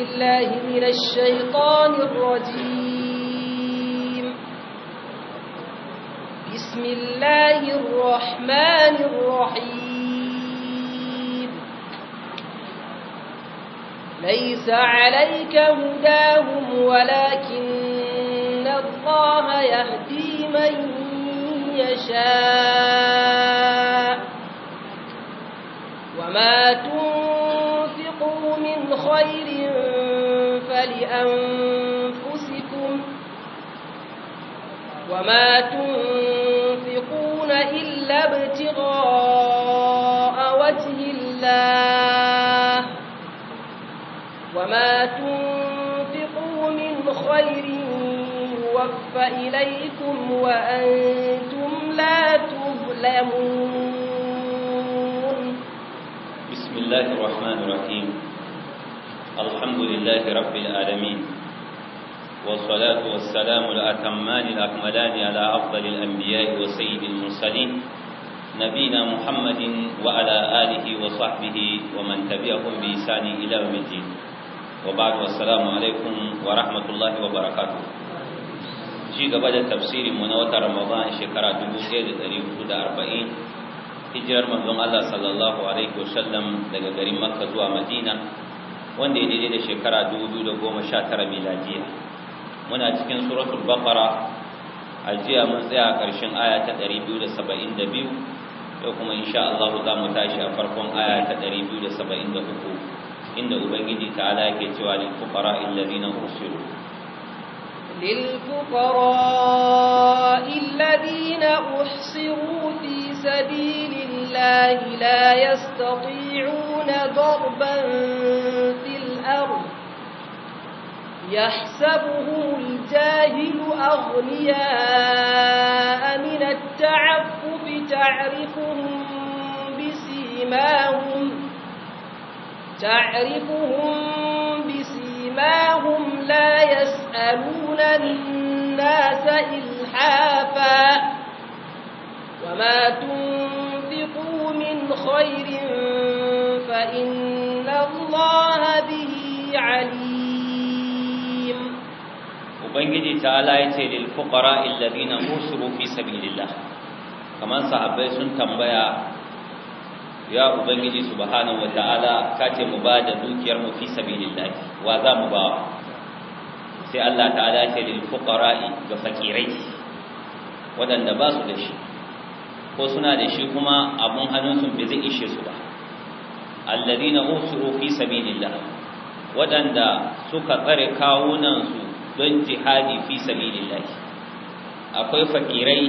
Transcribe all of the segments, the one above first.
بالله من الشيطان الرجيم بسم الله الرحمن الرحيم ليس عليك هداهم ولكن الله يهدي من يشاء وما تنفقوا من خير لأنفسكم وما تنفقون إلا ابتغاء وجه الله وما تنفقوا من خير يوفى إليكم وأنتم لا تظلمون بسم الله الرحمن الرحيم الحمد لله رب العالمين والصلاة والسلام الأتمان الأكملان على أفضل الأنبياء وسيد المرسلين نبينا محمد وعلى آله وصحبه ومن تبعهم بإحسان إلى يوم الدين وبعد والسلام عليكم ورحمة الله وبركاته ci gaba da tafsirin mu na wata Ramadan shekara 1440 hijirar manzon Allah sallallahu alaihi wasallam daga garin Makka zuwa Madina wanda ya daidai da shekara 2019 miladiya muna cikin suratul baqara a jiya mun tsaya a ƙarshen aya ta 272 yau kuma insha Allah za mu tashi a farkon aya ta 273 inda ubangiji ta ala yake cewa lil fuqara alladhina ursilu للفقراء الذين أحصروا في سبيل الله لا يستطيعون ضربا يحسبهم الجاهل أغنياء من التعفف تعرفهم بسيماهم تعرفهم بسيماهم لا يسألون الناس إلحافا وما تنفقوا من خير فإن الله به عليم ubangiji ta ta'ala ya ce lil fuqara alladhina usiru fi sabilillah kamar sahabbai sun tambaya ya ubangiji subhanahu Taala, ka ce mu ba da dukiyar mu fi sabilillah wa za mu ba sai Allah ta'ala ya ce lil fuqara ga fakirai wadanda ba su da shi ko suna da shi kuma abun hannunsu bai zai ishe su ba alladhina usiru fi sabilillah waɗanda suka tsare kawunan su. don jihadi fi sabilillah akwai fakirai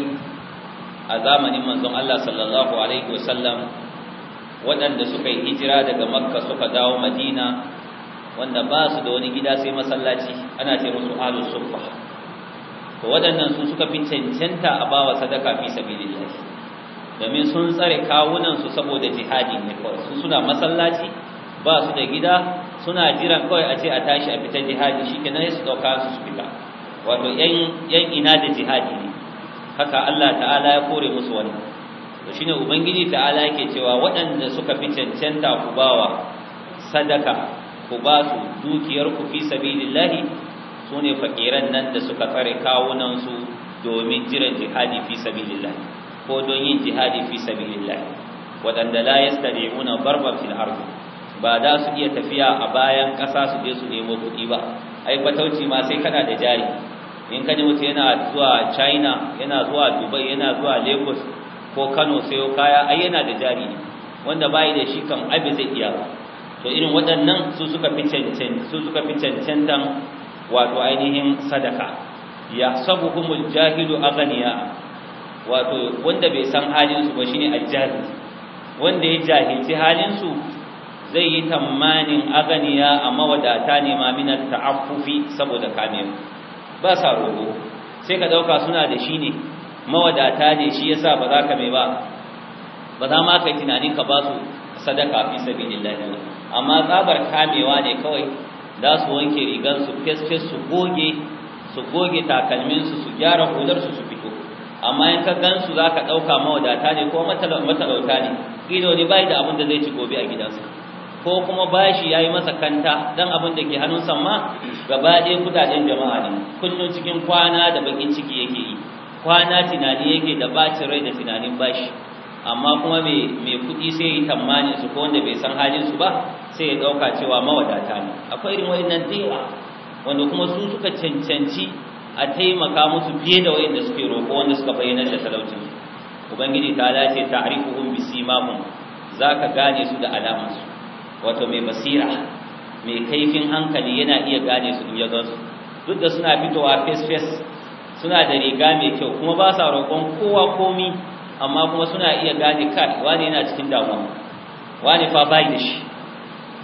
a zamanin manzon Allah sallallahu alaihi wasallam waɗanda suka yi hijira daga makka suka dawo madina wanda ba su da wani gida sai masallaci ana ce musu ahlus sufa to waɗannan su suka fi cancanta a bawa sadaka fi sabilillah domin sun tsare kawunan su saboda jihadi ne kawai su suna masallaci ba su da gida suna jiran kawai a ce a tashi a fita jihadi shi kenan su dauka su fita wato yan ina da jihadi ne haka Allah ta'ala ya kore musu wani, to shine ubangiji ta'ala yake cewa waɗanda suka fi cancanta ku bawa sadaka ku ba su dukiyar ku fi sabilillahi sune fakiran nan da suka fare kawunan su domin jiran jihadi fi sabilillahi ko don yin jihadi fi sabilillahi waɗanda la yastadi'una darban fil ardi ba za su iya tafiya a bayan ƙasa su je su nemo kuɗi ba ai fatauci ma sai kana da jari in ka ji mutum yana zuwa china yana zuwa dubai yana zuwa lagos ko kano sayo kaya ai yana da jari ne wanda bayi da shi kan abin zai iya ba to irin waɗannan su suka fi cancan su suka fi cancantan wato ainihin sadaka ya sabuhumul jahilu aghniya wato wanda bai san halin su ba shine ajjahil wanda ya jahilci halin su zai yi tamanin aganiya a mawadata ne ma minar ta'affufi saboda kamiyar, ba sa roƙo sai ka ɗauka suna da shi ne mawadata ne shi ya sa ba za ka mai ba ba za ma kai tunanin ka ba su sadaka fi sabilillah amma tsabar kamewa ne kawai za su wanke rigar su fes su goge su goge takalmin su su gyara hudar su su fito amma in ka gan su za ka ɗauka mawadata ne ko matalauta ne ido ne bai da abin da zai ci gobe a gidansa ko kuma bashi ya yi masa kanta don abin da ke hannun ma gaba ɗaya kudaden jama'a ne kullum cikin kwana da bakin ciki yake yi kwana tunani yake da bacin rai da tunanin bashi amma kuma mai kuɗi sai yi tamanin su ko wanda bai san halin su ba sai ya ɗauka cewa mawadata ne akwai irin wayannan da wanda kuma su suka cancanci a taimaka musu fiye da wayanda suke roƙo wanda suka bayyana da talaucin ubangiji ta lace ta'rifuhum za zaka gane su da alamansu wato mai masira, mai kaifin hankali yana iya gane su in yazo duk da suna fitowa face face suna da riga mai kyau kuma ba sa roƙon kowa komi amma kuma suna iya gane kai wani yana cikin damuwa wani fa bai da shi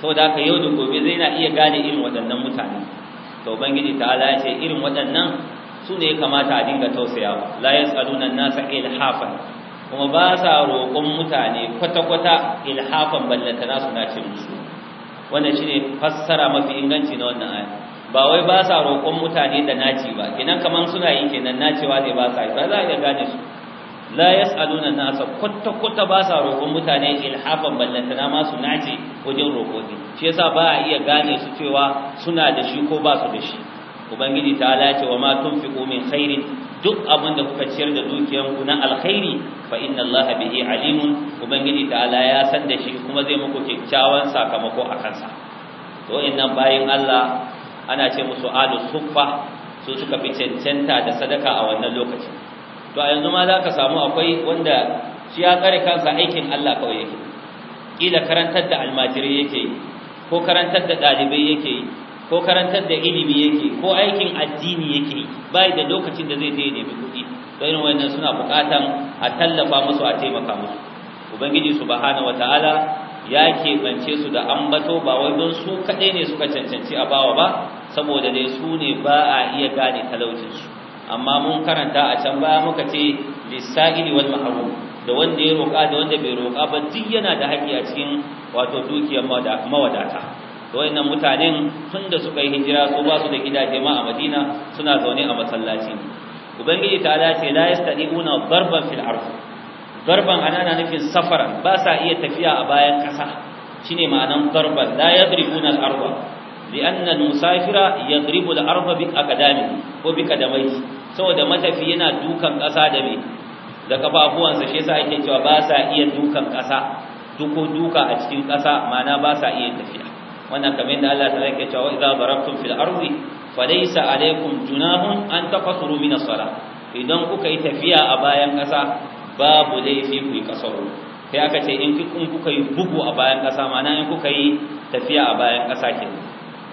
saboda haka yau da gobe zai na iya gane irin waɗannan mutane to ubangiji ta'ala ya ce irin waɗannan su ne ya kamata a dinga tausayawa la yasaluna nasa ilhafan kuma ba sa roƙon mutane kwata-kwata ilhafan ballantana suna ce musu wannan ne fassara mafi inganci na wannan aya ba wai ba sa roƙon mutane da naci ba idan kamar suna yi kenan nacewa ne ba sa yi ba za a iya gane su la yas'aluna nasa kwata-kwata ba sa roƙon mutane ilhafan ballanta na masu nace wajen roƙo shi yasa ba a iya gane su cewa suna da shi ko ba su da shi ubangiji ta ce wa ma tunfiqu min khairin duk abin da kuka ciyar da dukiyanku na alkhairi fa inna allaha bihi alimun ubangiji Ala ya san da shi kuma zai muku kyakkyawan sakamako a kansa to innan bayin Allah ana ce musu alu suffa su suka fi cancanta da sadaka a wannan lokacin to a yanzu ma za ka samu akwai wanda shi ya tsare kansa aikin Allah kawai yake kila karantar da almajirai yake ko karantar da ɗalibai yake ko karantar da ilimi yake ko aikin addini yake bai da lokacin da zai daina nemi kuɗi don wannan suna buƙatan a tallafa musu a taimaka musu ubangiji subhanahu wataala ya keɓance su da ambato ba wai don su kaɗai ne suka cancanci a bawa ba saboda dai su ne ba a iya gane talaucinsu amma mun karanta a can baya muka ce lissa'ili wal mahrum da wanda ya roƙa da wanda bai roƙa ba duk yana da haƙƙi a cikin wato dukiyar mawadata wayannan mutanen tunda da suka yi hijira su ba su da gidaje ma a Madina suna zaune a masallaci ubangiji ta ce la yastadiuna darban fil ard darban ana nufin safara ba sa iya tafiya a bayan kasa shine ma'anan darban la yadribuna al arda lianna al musafira yadribu al arda bi aqdamihi ko bi saboda matafi yana dukan kasa da me da kafafuwansa shi yasa ake cewa ba sa iya dukan kasa duko duka a cikin kasa ma'ana ba sa iya tafiya wannan kamar yadda Allah ta yake cewa idza darabtum fil ardi falaysa alaykum junahun an taqsuru min as-salah idan kuka yi tafiya a bayan kasa babu laifi ku yi kasaro sai aka ce in kuka yi bugu a bayan kasa ma'ana in kuka yi tafiya a bayan kasa ke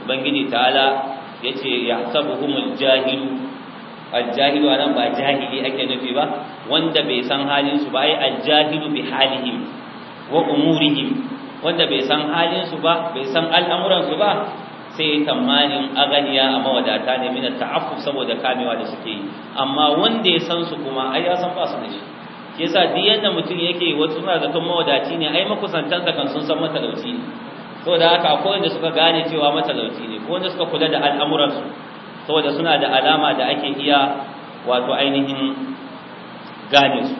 ubangiji ta'ala yace yahsabuhumul jahilu al-jahilu anan ba jahili ake nufi ba wanda bai san halin su ba ai al-jahilu bi halihim wa umurihim wanda bai san halinsu ba bai san al'amuransu ba sai ya tamanin aganiya a mawadata ne mina ta'affuf saboda kamewa da suke yi amma wanda ya san su kuma ai ya san ba su da shi yasa duk yadda mutum yake wasu suna zaton mawadaci ne ai makusantansa kan sun san matalauci ne saboda haka akwai wanda suka gane cewa matalauci ne ko wanda suka kula da al'amuransu saboda suna da alama da ake iya wato ainihin gane su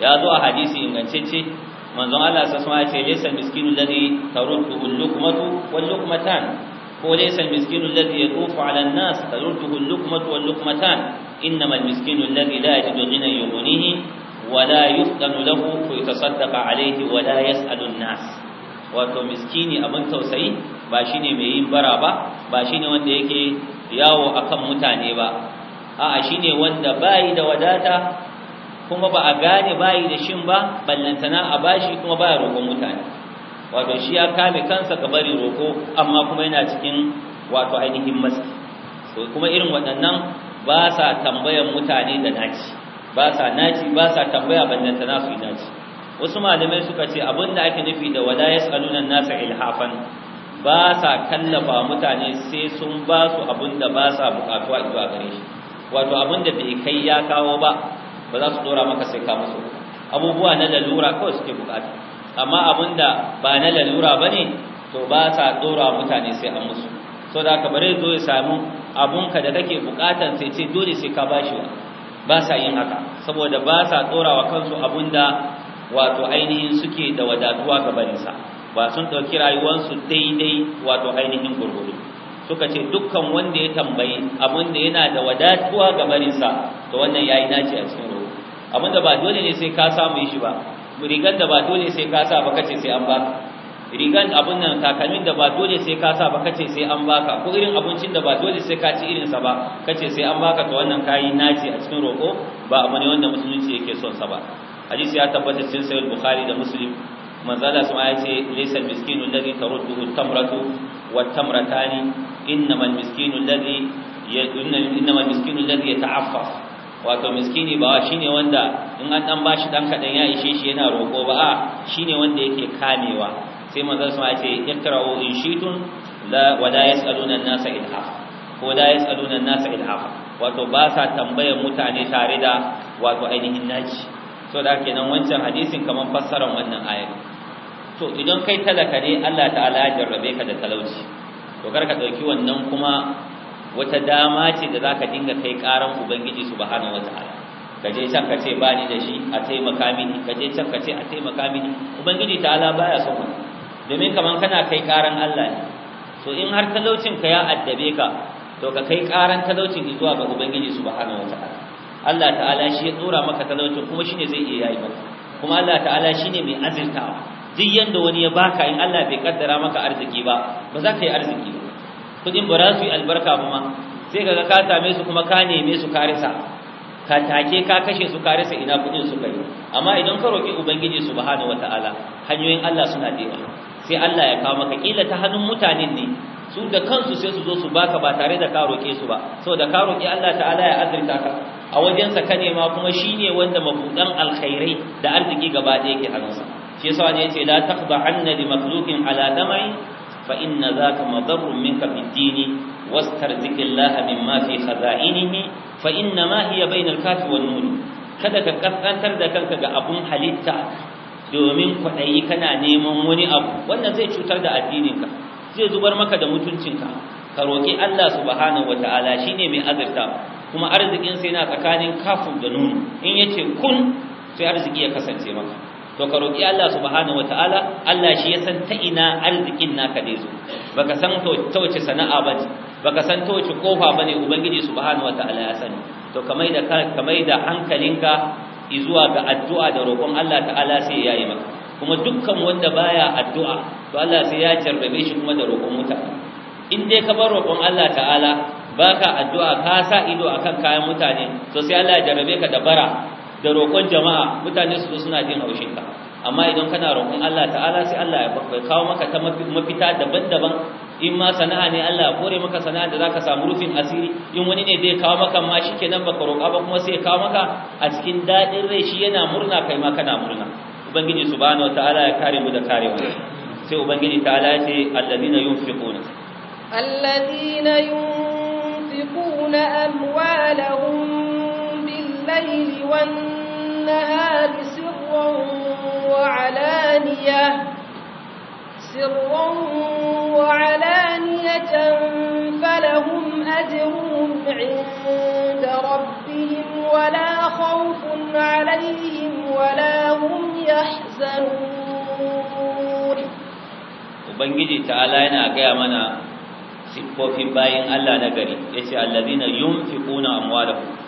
ya zo a hadisi ingantacce manzon Allah sallallahu alaihi wasallam ya ce laysa miskinu alladhi tarudduhu al-luqmatu wal-luqmatan ko laysa al-miskinu alladhi yatufu 'ala an-nas tarudduhu al-luqmatu wal-luqmatan innama al-miskinu alladhi la yajidu ghinan yughnihi wa la yuftanu lahu fa yatasaddaqa 'alayhi wa la yas'alu an-nas wato miskini abin tausayi ba shine mai yin bara ba ba shine wanda yake yawo akan mutane ba a'a shine wanda bai da wadata kuma ba a gane bayi da shin ba ballantana a bashi kuma baya roƙon mutane wato shi ya kame kansa ka bari roƙo amma kuma yana cikin wato ainihin maski so kuma irin waɗannan ba sa tambayan mutane da naci ba sa naci ba sa tambaya ballantana su yi naci wasu malamai suka ce abin da ake nufi da wala yas'aluna nasa ilhafan ba sa kallafa mutane sai sun ba su abin da ba sa bukatuwa a gare shi wato abin da bai kai ya kawo ba ba za su dora maka sai ka musu abubuwa na lalura kawai suke bukata amma abinda ba na lalura bane to ba sa dora mutane sai an musu so da ka bare zo ya samu abunka da kake bukatan sai ce dole sai ka bashi wa ba sa yin haka saboda ba sa dora wa kansu abinda wato ainihin suke da wadatuwa gabanin sa ba sun dauki rayuwarsu daidai wato ainihin gurgudu suka ce dukkan wanda ya tambayi abinda yana da wadatuwa gabanin sa to wannan yayi naci a cikin Abin da ba dole ne sai ka samu shi ba rigan da ba dole sai ka sa ba kace sai an baka rigan abin nan takalmin da ba dole sai ka sa ba kace sai an baka ko irin abincin da ba dole sai ka ci irin sa ba kace sai an baka to wannan kayi naci a cikin roko ba a mani wanda musulunci yake son sa ba hadisi ya tabbata cikin sahih bukhari da muslim manzala sun ya ce laysa miskinu alladhi tarudduhu tamratu wat tamratani innamal miskinu alladhi innamal miskinu alladhi yata'affaf wato miskini ba shine wanda in an dan bashi dan kadan ya ishe shi yana roko ba a shine wanda yake kamewa sai manzon sa ce ikra'u in shitun la wa la yasaluna an-nasa ilhafa ko la yasaluna an-nasa ilhafa wato ba sa tambayar mutane tare da wato ainihin naci so da kenan wancan hadisin kaman fassarar wannan ayar to idan kai talaka ne Allah ta'ala ya jarrabe ka da talauci to kar ka dauki wannan kuma wata dama ce da za ka dinga kai karan ubangiji su wata ala. Ka je can ka ce bani da shi a taimaka mini Ka je can ka ce a taimaka mini ubangiji ta ala baya son wannan domin kamar kana kai karan Allah ne so in har talaucin ka ya addabe ka to ka kai karan talaucin zuwa ga ubangiji su wata ala. Allah ta'ala shi ya tsora maka talaucin kuma shine zai iya yayi maka kuma Allah ta'ala shine mai azirtawa duk yanda wani ya baka in Allah bai kaddara maka arziki ba ba za ka yi arziki ba kudin ba za su yi albarka ba ma sai ga ka same su kuma ka neme su karisa ka take ka kashe su karisa ina kudin su kai amma idan ka roki ubangiji subhanahu wataala hanyoyin Allah suna da sai Allah ya kawo maka kila ta hannun mutanen ne su da kansu sai su zo su baka ba tare da ka roke su ba saboda ka roki Allah ta'ala ya azurta ka a wajensa ka nema kuma shine wanda mabudan alkhairai da arziki gaba ɗaya yake hannunsa shi yasa ne yace la taqda anna li makhluqin ala damai fa inna zaka madarrun minka fid dini wastarzik Allah mimma fi khaza'inihi fa inna ma hiya bainal kafi wan nun kada ka kaskantar da kanka ga abun halitta domin kwaɗayi kana neman wani abu wannan zai cutar da addininka zai zubar maka da mutuncinka ka roƙi Allah subhanahu wataala shine mai azurta kuma arzikin sai na tsakanin kafin da nunu in yace kun sai arziki ya kasance maka to ka roki Allah subhanahu wataala Allah shi ya san ta ina arzikin naka ne zo baka san to ta wace sana'a ba baka san ta wace kofa bane ubangiji subhanahu wataala ya sani to da kamar da hankalinka zuwa ga addu'a da roƙon Allah ta'ala sai ya yi maka kuma dukkan wanda baya addu'a to Allah sai ya jarrabe shi kuma da roƙon mutane in dai ka bar roƙon Allah ta'ala baka addu'a ka sa ido akan kayan mutane to sai Allah ya jarrabe ka da bara da roƙon jama'a mutane su suna jin haushinka. amma idan kana roƙon Allah ta'ala sai Allah ya bakwai kawo maka ta mafita daban-daban in ma sana'a ne Allah ya kore maka sana'a da zaka samu rufin asiri in wani ne zai kawo maka ma shikenan baka roƙa ba kuma sai ya kawo maka a cikin daɗin rai shi yana murna kai ma kana murna ubangiji subhanahu Ta'ala ya kare mu da kare karewa sai ubangiji ta'ala ya ce alladina yunfiquna alladina yunfiquna amwalahum الليل والنهار سرا وعلانية سرا وعلانية فلهم أجرهم عند ربهم ولا خوف عليهم ولا هم يحزنون وبنجي تعالى أنا أقيا منا siffofin bayan Allah na gari ya ce allazina yunfiquna amwalahum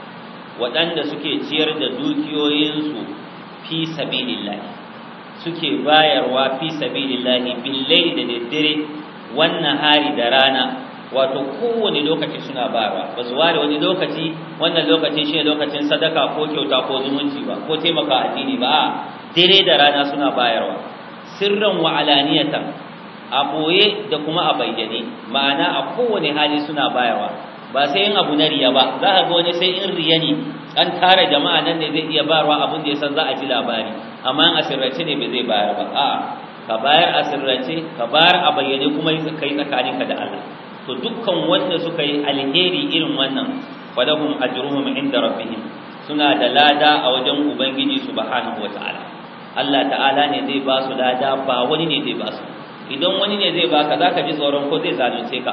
waɗanda suke ciyar da dukiyoyinsu fi sabilillahi suke bayarwa fi sabilillahi billahi da daddare wannan hari da rana wato kowane lokaci suna bayarwa ba su ware wani lokaci wannan lokacin shi ne lokacin sadaka ko kyauta ko zumunci ba ko taimaka addini ba dare da rana suna bayarwa sirran wa alaniyatan a boye da kuma a bayyane ma'ana a kowane hali suna bayarwa ba sai in abu na riya ba za ka ga wani sai in riya ne an tara jama'a nan ne zai iya bayarwa abin da ya san za a ji labari amma in asirrace ne bai zai bayar ba a'a ka bayar asirrace ka bayar a bayyane kuma kai ka da Allah to dukkan wanda suka yi alheri irin wannan falahum ajruhum inda rabbihim suna da lada a wajen ubangiji subhanahu wataala Allah ta'ala ne zai ba su lada ba wani ne zai ba su idan wani ne zai baka zaka ji tsoron ko zai zalunce ka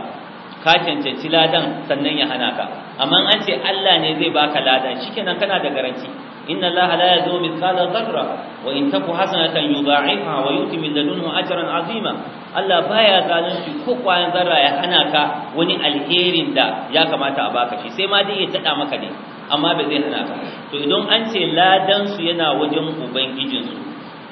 ka cancanci ladan sannan ya hana ka amma an ce Allah ne zai baka ladan shikenan kana da garanti inna Allah la yadhu mithqala dharra wa in taku hasanatan yudha'ifha wa yu'ti min ladunhu ajran 'azima Allah baya zalunci ko kwayan zarra ya hana ka wani alherin da ya kamata a baka shi sai ma dai ya tada maka ne amma bai zai hana ka to idan an ce ladan su yana wajen ubangijinsu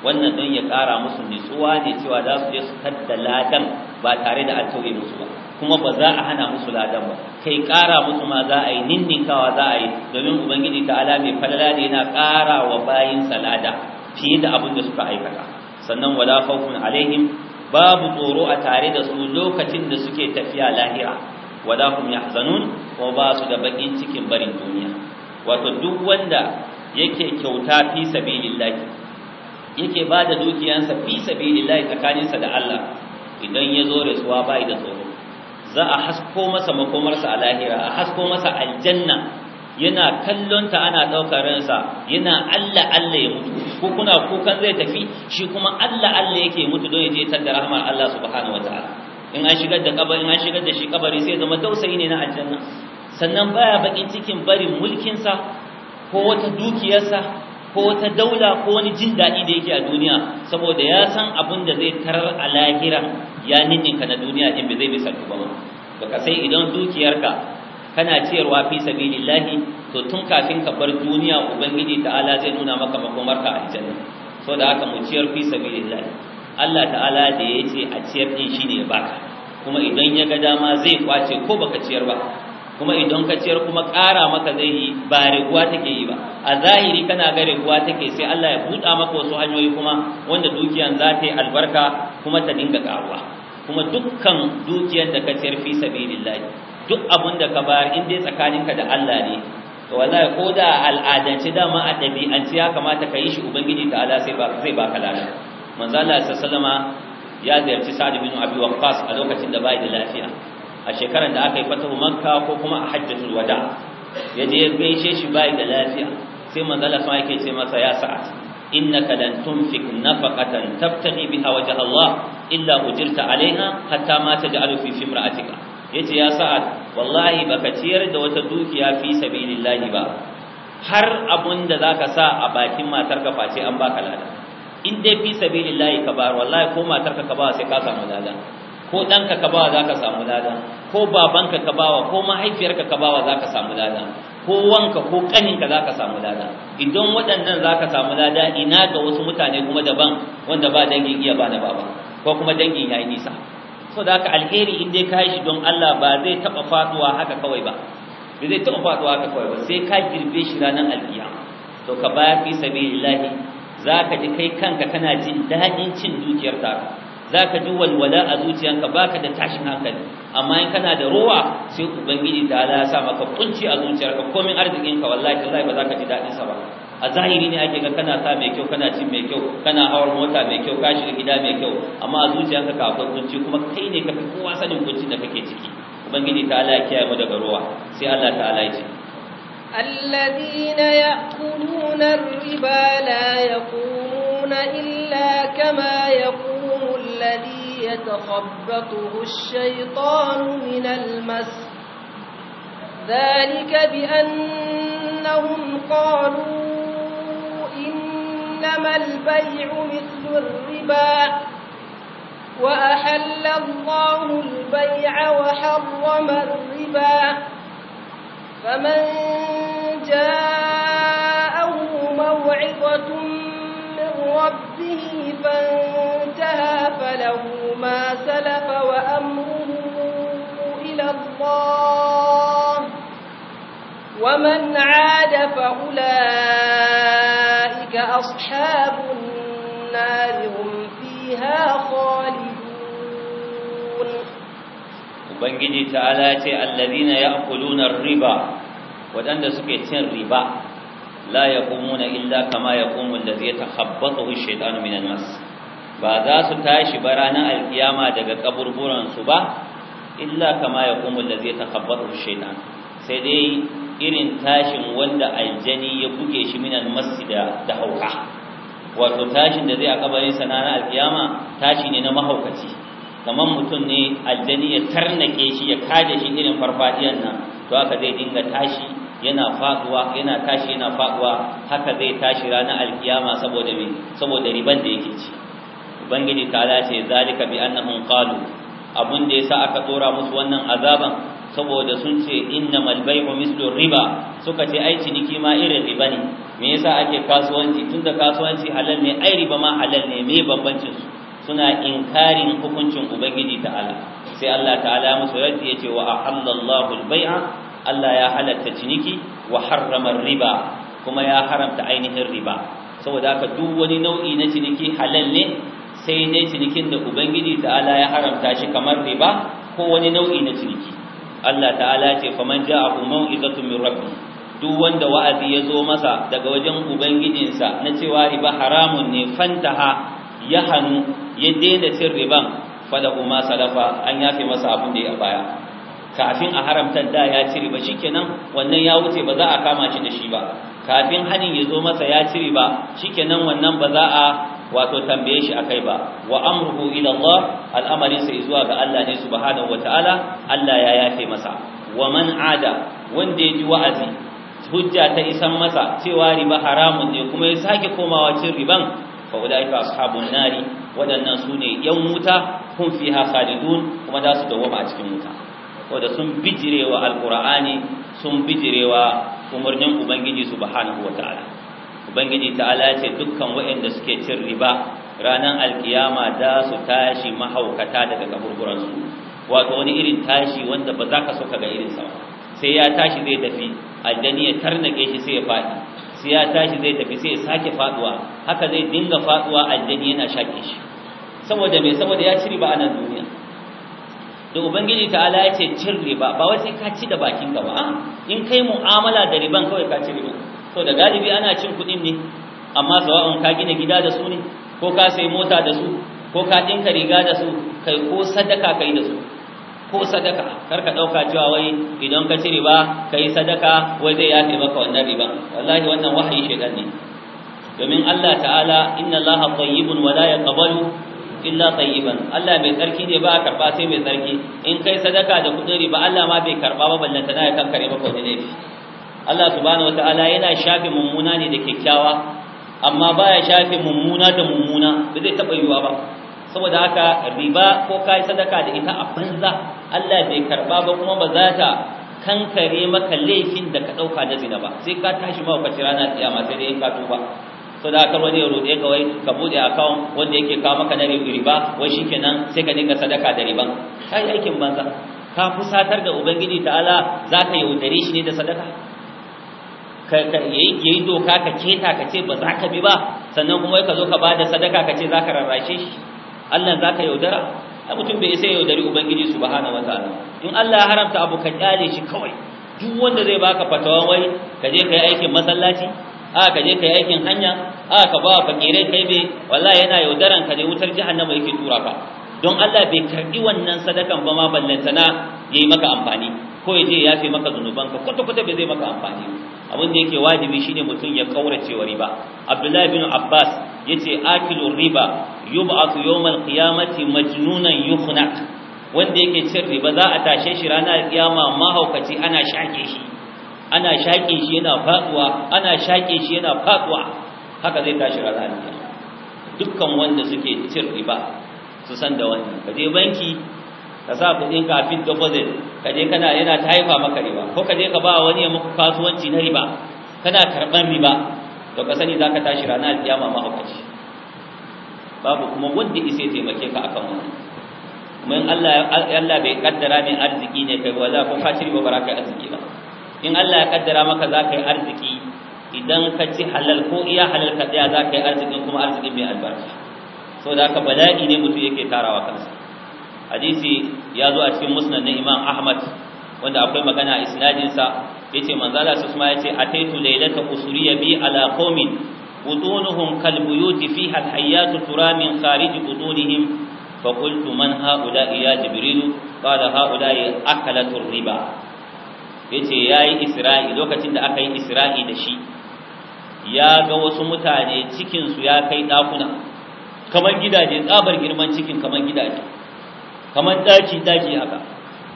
wannan dan ya kara musu nutsuwa ne cewa za su je su tadda ladan ba tare da an tauye musu ba kuma ba za a hana musu ladan ba kai ƙara musu ma za a yi ninninkawa za a yi domin ubangiji ta'ala mai falala ne yana ƙara wa bayin salada fiye da abin da suka aikata sannan wala khawfun alaihim babu tsoro a tare da su lokacin da suke tafiya lahira wala hum yahzanun ko ba su da bakin cikin barin duniya wato duk wanda yake kyauta fi sabilillahi yake ba da dukiyansa fi sabilillahi tsakaninsa da Allah idan ya zo rasuwa bai da tsoro za a hasko masa makomarsa a lahira a hasko masa aljanna yana kallonta ana ɗaukar ransa yana Allah Allah ya mutu ko kuna kukan zai tafi shi kuma Allah Allah yake mutu don ya je tar da rahmar Allah subhanahu wataala in an shigar da kabari in an shigar da shi kabari sai zama tausayi ne na aljanna sannan baya bakin cikin barin mulkinsa ko wata dukiyarsa ko ta daula ko wani jin daɗi da yake a duniya saboda ya san abin da zai tarar a lahira ya ninninka na duniya din bai zai misaltu ba baka sai idan dukiyarka kana ciyarwa fi sabilillahi to tun kafin ka bar duniya ubangiji ta'ala zai nuna maka makomarka a aljanna da haka mu ciyar fi sabilillahi Allah ta'ala da ya ce a ciyar din shine ya baka kuma idan ya ga dama zai kwace ko baka ciyar ba kuma idan ka ciyar kuma ƙara maka zai yi ba riguwa take yi ba a zahiri kana ga riguwa take sai Allah ya buɗa maka wasu hanyoyi kuma wanda dukiyan za ta yi albarka kuma ta dinga ƙaruwa kuma dukkan dukiyan da ka ciyar fi sabilillah duk abin da ka bayar in dai tsakaninka da Allah ne to wallahi ko da al'adance dama a ɗabi'ance ya kamata ka yi shi ubangiji ta Allah sai zai baka lafiya manzo Allah sallallahu alaihi wasallama ya ziyarci Sa'd bin Abi Waqqas a lokacin da bai da lafiya a shekarar da aka yi fatahu makka ko kuma a hajjatul wada ya je ya gaishe shi bai da lafiya sai manzala sa yake ce masa ya sa'ad innaka lan tunfik nafaqatan tabtaghi biha wajha Allah illa ujirta alaiha hatta ma taj'alu fi imra'atika yace ya sa'ad wallahi baka ciyar da wata dukiya fi sabilillahi ba har abun da zaka sa a bakin matarka face an baka lada in dai fi sabilillahi ka bar wallahi ko matarka ka ba sai ka samu lada ko ɗanka ka bawa za ka samu lada ko babanka ka bawa ko mahaifiyarka ka bawa za ka samu lada ko wanka ko ƙaninka za ka samu lada idan waɗannan zaka samu lada ina ga wasu mutane kuma daban wanda ba dangin iya ba na baba ko kuma dangin ya yi nisa so da haka alheri in dai ka shi don Allah ba zai taɓa faɗuwa haka kawai ba ba zai taɓa faɗuwa haka kawai ba sai ka girbe shi ranar alkiyama to ka bayar fi sabilillahi za ka ji kai kanka kana jin daɗin cin dukiyar taka za ka ji walwala a zuciyanka ba ka da tashin hankali amma in kana da rowa sai ubangiji da ala ya sa maka kunci a zuciyarka komin arzikinka wallahi wallahi ba za ka ji daɗin sa ba a zahiri ne ake ga kana sa mai kyau kana cin mai kyau kana hawar mota mai kyau ka shiga gida mai kyau amma a zuciyanka ka akwai kunci kuma kai ne ka fi kowa sanin kunci da kake ciki ubangiji ta ala ya kiyaye mu daga rowa sai Allah ta'ala ya ce الذين يأكلون الربا لا يقومون إلا كما يقومون الذي يتخبطه الشيطان من المس ذلك بأنهم قالوا إنما البيع مثل الربا وأحل الله البيع وحرم الربا فمن جاءه موعظة من ربه نفسه فانتهى فله ما سلف وأمره إلى الله ومن عاد فأولئك أصحاب النار هم فيها خالدون وبنجي تعالى الذين يأكلون الربا ودند سكتين ربا la yaqumuna illa kama yaqumu allazi yatakhabbathu ash-shaytanu min al ba za su tashi ba ranar alkiyama daga kaburburan su ba illa kama yaqumu allazi yatakhabbathu ash-shaytan sai dai irin tashin wanda ya buge shi min da hauka wato tashin da zai a kabarin sa alkiyama tashi ne na mahaukaci kamar mutum ne aljani ya tarnake shi ya kaje shi irin farfadiyan nan to aka zai dinga tashi yana faduwa yana tashi yana faduwa haka zai tashi ranar alkiyama saboda me saboda riban da yake ci ubangiji ta ce zalika bi annahum qalu abun da yasa aka tsora musu wannan azaban saboda sun ce innamal bay'u mislu riba suka ce ai ciniki ma irin riba ne me yasa ake kasuwanci tunda kasuwanci halal ne ai riba ma halal ne me bambancin su suna inkarin hukuncin ubangiji ta'ala sai Allah ta'ala musu ya yace wa ahallallahu al-bai'a Allah ya halatta ciniki wa harrama riba kuma ya haramta ainihin riba saboda haka duk wani nau'i na ciniki halal ne sai ne cinikin da ubangiji ta'ala ya haramta shi kamar riba ko wani nau'i na ciniki Allah ta'ala ce faman ja'ahu mau'izatun min rabbi duk wanda wa'azi ya zo masa daga wajen ubangijinsa na cewa riba haramun ne fantaha ya hanu ya daina cin riban falahu ma salafa an yafe masa abin da ya baya kafin a haramta da ya cire ba shikenan wannan ya wuce ba za a kama shi da shi ba kafin hanin ya zo masa ya cire ba shikenan wannan ba za a wato tambaye shi akai ba wa amruhu ila Allah ya sa zuwa ga Allah ne subhanahu wataala Allah ya yafe masa wa man ada wanda ya ji wa'azi hujja ta isan masa cewa riba haramun ne kuma ya sake komawa cin riban fa ulaika ashabun nari wadannan sune yan wuta hum fiha khalidun kuma za su dawama a cikin wuta wanda sun bijirewa alqur'ani sun bijirewa umarnin ubangiji subhanahu wataala ubangiji ta'ala ya ce dukkan waɗanda suke cin riba ranar alkiyama da su tashi mahaukata daga kaburburansu wato wani irin tashi wanda ba za ka so ka ga irin sa sai ya tashi zai tafi aljani ya tarnake shi sai ya faɗi sai ya tashi zai tafi sai ya sake faɗuwa haka zai dinga faɗuwa aljani yana shaƙe shi saboda me saboda ya ci riba a nan duniya da ubangiji ta'ala ya ce cin riba ba wai sai ka ci da bakin ka ba ah, in kai mu'amala da riban kawai ka ci riba to da galibi ana cin kuɗin ne amma sawa'un ka gina gida da su ne ko ka sai mota da su ko ka ɗinka riga da su kai ko sadaka kai da su ko sadaka kar ka ɗauka cewa wai idan ka ci riba ka sadaka wai zai yafe maka wannan riba wallahi wannan wahayi shedan ne domin Allah ta'ala inna Allah tayyibun wa la yaqbalu illa tayyiban Allah mai tsarki ne ba a karba sai mai tsarki in kai sadaka da kudin riba Allah ma bai karba ba ballanta na ya kare maka wani laifi Allah subhanahu wataala yana shafe mummuna ne da kyakkyawa amma baya shafe mummuna da mummuna ba zai taba yiwa ba saboda haka riba ko kai sadaka da ita a banza Allah bai karba ba kuma ba za ta kankare maka laifin da ka dauka da zina ba sai ka tashi ma ka rana ma sai dai in ka tuba so da kar wani ya rode ka wai ka bude account wanda yake kawo maka na riba wai shikenan sai ka dinga sadaka da riban kai aikin banza ka fusatar da ubangiji ta'ala ka yaudare shi ne da sadaka ka yayi yayi doka ka keta ka ce ba za ka bi ba sannan kuma ka zo ka bada sadaka ka ce za ka rarrashe shi Allah za ka yaudara a mutum bai sai yaudari ubangiji subhanahu wataala in Allah ya haramta abu ka kyale shi kawai duk wanda zai baka fatawa wai ka je ka yi aikin masallaci a ka je kai aikin hanya a ka ba fakirai kai be wallahi yana yaudaran ka da wutar jahannama yake tura ka don Allah bai karbi wannan sadakan ba ma ballantana yayi maka amfani ko ya je ya fi maka ka kwata kwata bai zai maka amfani abin da yake wajibi shine mutum ya kaurace wa riba Abdullahi bin Abbas yace akilu riba yub'athu yawmal qiyamati majnunan yukhnaq wanda yake cin riba za a tashe shi ranar kiyama mahaukaci ana shake shi ana shaƙe shi yana faɗuwa ana shaƙe shi yana faɗuwa haka zai tashi ranar dukkan wanda suke cin riba su san da wannan ka je banki ka sa kuɗin ka fit deposit ka je kana yana ta haifa maka riba ko ka je ka ba wani ya muku kasuwanci na riba kana karɓar riba to ka sani zaka tashi ranar alkiyama mahaukaci babu kuma wanda isa taimake ka akan wannan kuma in Allah Allah bai kaddara min arziki ne kai wala ko ka ci riba ba za ka yi arziki ba in Allah ya kaddara maka za ka yi arziki idan ka ci halal ko iya halal ka tsaya za ka yi arzikin kuma arzikin mai albarka so da haka bala'i ne mutum yake tarawa kansa hadisi ya zo a cikin musnad na imam ahmad wanda akwai magana a isnadinsa ya ce manzala su suma ya ce a taitu usuriya bi ala qaumin butunuhum kal buyuti fiha al hayatu tura min kharij butunihim fa qultu man haula ya jibrilu qala haula akalat riba yace yayi isra'i lokacin da aka yi isra'i da shi ya ga wasu mutane cikin su ya kai dakuna kamar gidaje tsabar girman cikin kamar gidaje kamar daki daki haka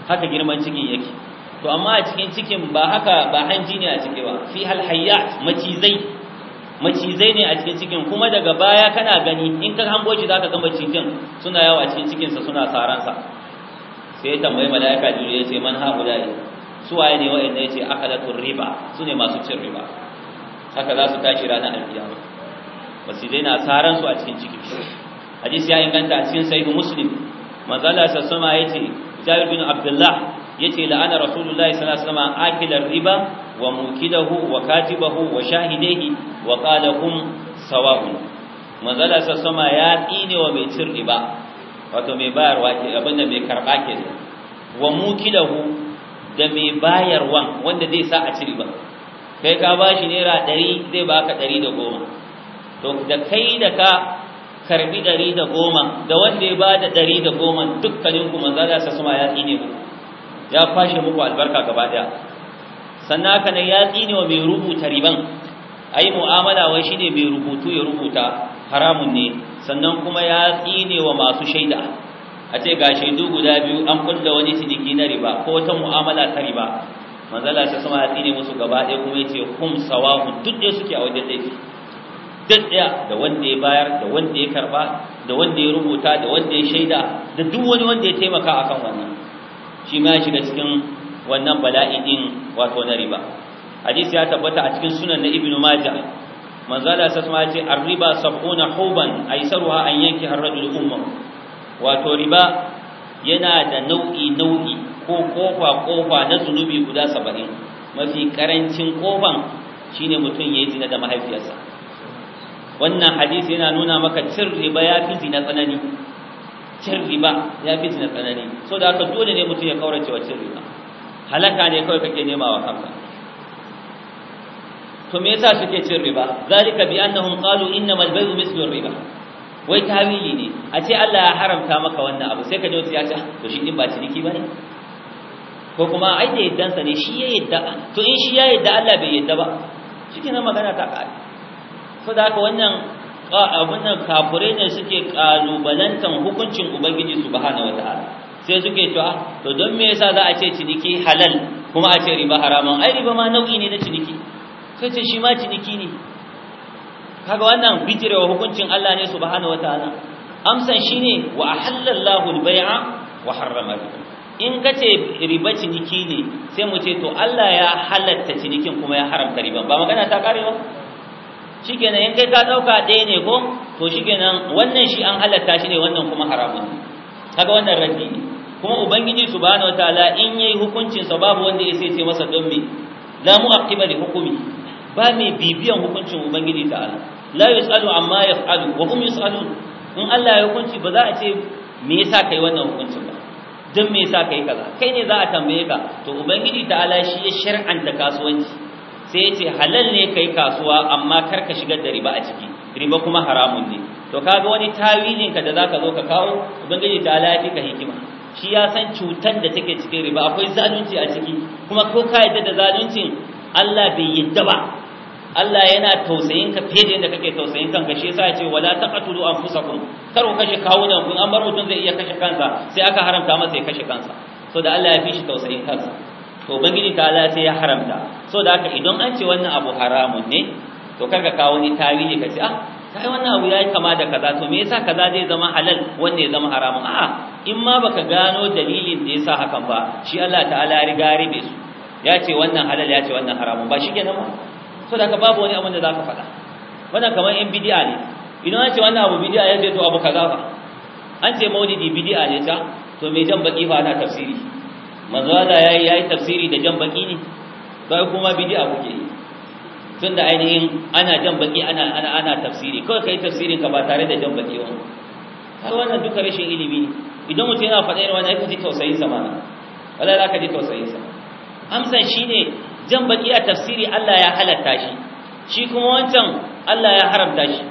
haka girman cikin yake to amma a cikin cikin ba haka ba hanji ne a cikin ba fi hal macizai macizai ne a cikin cikin kuma daga baya kana gani in ka hango shi zaka ga macizin suna yawa a cikin cikin sa suna saransa sai tambayi malaika jibril ya ce man haula suwaye ne wa'anda yace akalatur riba ne masu cin riba haka za su tashi ranar alkiyama ba su na saran su a cikin ciki hadisi ya inganta a cikin sahihu muslim manzala sa sama yace jabir bin abdullah yace la'ana rasulullahi sallallahu alaihi wasallam akilar riba wa mukidahu wa katibahu wa shahidehi wa qala hum sawa'un manzala sa sama ya tsine wa mai cin riba wato mai bayarwa ke abinda mai karba ke wa mukidahu da mai bayarwan wanda zai sa a ci ba kai ka ba shi naira ɗari zai baka ɗari da goma to da kai da ka karbi ɗari da goma da wanda ya ba da ɗari da goma dukkanin kuma za su suma ya ne ba. ya kwashe muku albarka gaba ɗaya sannan haka nan ya ne wa mai rubuta riban ai mu'amala wai ne mai rubutu ya rubuta haramun ne sannan kuma ya ne wa masu shaida a ce ga shaidu guda biyu an kunda wani ciniki na riba ko wata mu'amala ta riba manzala sai sama hatsi ne musu gaba ɗaya kuma yace kun sawahu duk ɗaya suke a wajen laifi duk ɗaya da wanda ya bayar da wanda ya karba da wanda ya rubuta da wanda ya shaida da duk wani wanda ya taimaka akan wannan shi ma ya shiga cikin wannan bala'i ɗin wato na riba hadisi ya tabbata a cikin sunan na ibnu majah manzala sai sama yace ar-riba sab'una huban aisaruha an yanki har rajul ummah wato riba yana da nau'i nau'i ko kofa kofa na zunubi guda saba'in mafi karancin kofan shine mutum ya yi zina da mahaifiyarsa wannan hadisi yana nuna maka cin riba ya fi zina tsanani cin riba ya fi zina tsanani so da haka dole ne mutum ya kaurace wa cin riba halaka ne kawai kake nema wa kanka to me yasa suke cin riba zalika bi annahum qalu innamal bay'u mithlu riba wai tawili ne a ce Allah ya haramta maka wannan abu sai ka ji wata ya ce ah, to shi din ba ciniki ba ne ko kuma ai da yaddansa ne shi ya yadda to in shi ya yadda Allah bai yadda ba nan magana ta kare so da haka wannan abun nan kafure ne suke kalubalantan hukuncin ubangiji subhanahu wataala sai suke cewa ah, to don me yasa za a ce ciniki halal kuma a ce riba haramun ai riba ma nau'i ne na ciniki sai ce shi ma ciniki ne kaga wannan bijirewa hukuncin Allah ne subhanahu wataala amsan shine wa ahallallahu albay'a wa harrama in kace riba ciniki ne sai mu ce to Allah ya halatta cinikin kuma ya haramta riba ba magana ta kare ba shikenan in kai ka dauka ɗaya ne ko to shikenan wannan shi an halatta shi ne wannan kuma haramun kaga wannan raddi kuma ubangiji subhanahu wataala in yayi hukuncin sa babu wanda ya sai masa don me la mu'aqqiba li hukumi ba mai bibiyan hukuncin ubangiji ala. la yusalu amma yaf'alu wa yi yusalun in Allah ya hukunci ba za a ce me yasa yi wannan hukuncin ba Don me yasa yi kaza kai ne za a tambaye ka to ubangiji ta'ala shi ya shar'anta kasuwanci sai ce halal ne ka yi kasuwa amma kar ka shigar da riba a ciki riba kuma haramun ne to kaga wani tawilin ka da ka zo ka kawo ubangiji ta'ala ya fi ka hikima shi ya san cutar da take cikin riba akwai zalunci a ciki kuma ko ka yadda da zaluncin Allah bai yadda ba Allah yana tausayin ka fiye da yadda kake tausayin kanka shi yasa ce wala taqtulu anfusakum kar ku kashe kawunan ku an bar mutum zai iya kashe kansa sai aka haramta masa ya kashe kansa so da Allah ya fi shi tausayin kansa to ubangiji ta Allah sai ya haramta so da haka idan an ce wannan abu haramun ne to kar ka kawo ni tawili ka ah kai wannan abu yayi kama da kaza to me yasa kaza zai zama halal wanda ya zama haramun a'a in ma baka gano dalilin da yasa hakan ba shi Allah ta'ala ya riga ribe su ya ce wannan halal ya ce wannan haramun ba shi kenan ba so da ka babu wani abin da zaka faɗa wannan kamar in bid'a ne idan an ce wannan abu bid'a yace to abu kaza fa an ce maulidi bid'a ne ta to me jan baki fa ana tafsiri manzo Allah yayi yayi tafsiri da jan baki ne Ba kuma bid'a kuke yi tunda ainihin ana jan baki ana ana ana tafsiri kawai kai tafsirin ka ba tare da jan baki ba har wannan duka rashin ilimi ne. idan mutum yana faɗa irin wannan yake ji tausayin sama wallahi zaka ji tausayin sa amsan shine jan baki a tafsiri Allah ya halatta shi shi kuma wancan Allah ya haramta shi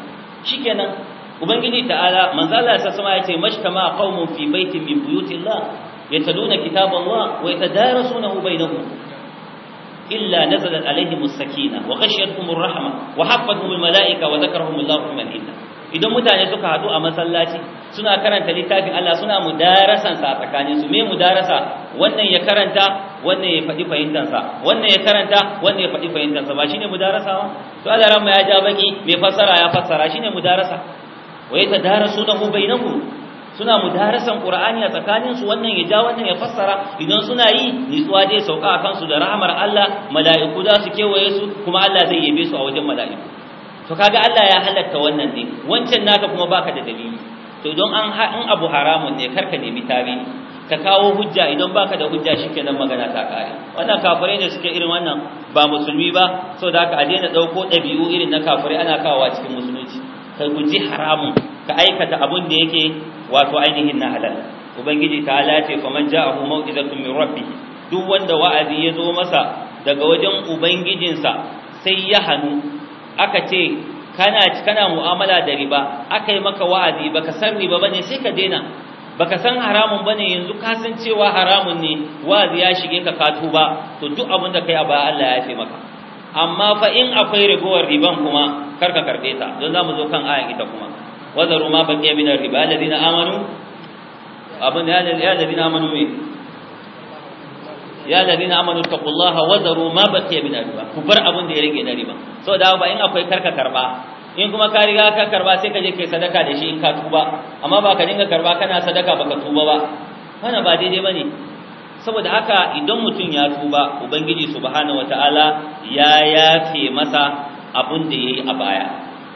shikenan ubangiji ta'ala manzo Allah ya sama ya ce mashtama qaumun fi baitin min buyutillah يتلون كتاب الله ويتدارسونه بينهم إلا نزلت عليهم السكينة وغشيتهم الرحمة وحفتهم الملائكة وذكرهم الله من إلا idan mutane suka haɗu a masallaci suna karanta littafin Allah suna mudarasa sa tsakanin su me mudarasa wannan ya karanta wannan ya faɗi fahimtansa wannan ya karanta wannan ya faɗi fahimtansa ba shine mudarasa ba to Allah ya ja baki mai fassara ya fassara Shi ne mudarasa wa yatadarasunahu bainahum suna mudarasan Qur'ani a tsakanin su wannan ya ja wannan ya fassara idan suna yi nitsuwa dai sauka a kansu da rahmar Allah mala'iku za su kewaye su kuma Allah zai yabe su a wajen mala'iku to kaga Allah ya halatta wannan ne wancan naka kuma baka da dalili to don an abu haramun ne karka nemi tarihi ka kawo hujja idan baka da hujja shikenan magana ta kare wannan kafirai ne suke irin wannan ba musulmi ba saboda haka a daina dauko dabi'u irin na kafirai ana kawowa cikin musulunci ka guji haramun ka aikata abun da yake wato ainihin na halal ubangiji ta halace man ja'ahu mau'izatun min rabbih duk wanda wa'azi ya zo masa daga wajen ubangijinsa sai ya hanu aka ce kana kana mu'amala da riba aka yi maka wa'azi baka san riba bane sai ka daina baka san haramun bane yanzu ka san cewa haramun ne wazi ya shige ka ka tuba to duk abin da kai a baya Allah ya yafe maka amma fa in akwai rigowar riban kuma kar ka karbe ta don zamu zo kan ayan ita kuma wazaru ma bi na riba alladhina amanu abun ya alladhina amanu me ya alladhina amanu taqullaha wazaru ma bi na riba ku bar abin da ya rage na riba saboda ba in akwai karka karba in kuma ka riga ka karba sai ka je kai sadaka da shi in ka tuba amma ba ka dinga karba kana sadaka baka tuba ba wannan ba daidai bane saboda haka idan mutum ya tuba ubangiji subhanahu wataala ya yafe masa abun da yayi a baya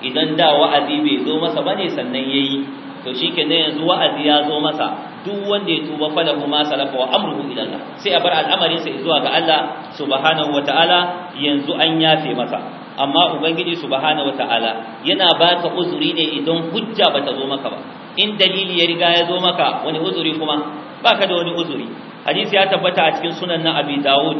idan da wa'azi bai zo masa bane sannan yayi to shikenan yanzu wa'azi ya zo masa duk wanda ya tuba falahu ma salafa wa amruhu ila Allah sai a bar al'amarin sa zuwa ga Allah subhanahu wataala yanzu an yafe masa amma ubangiji subhanahu wataala yana baka uzuri ne idan hujja bata zo maka ba in dalili ya riga ya zo maka wani uzuri kuma baka da wani uzuri hadisi ya tabbata a cikin sunan na abi dawud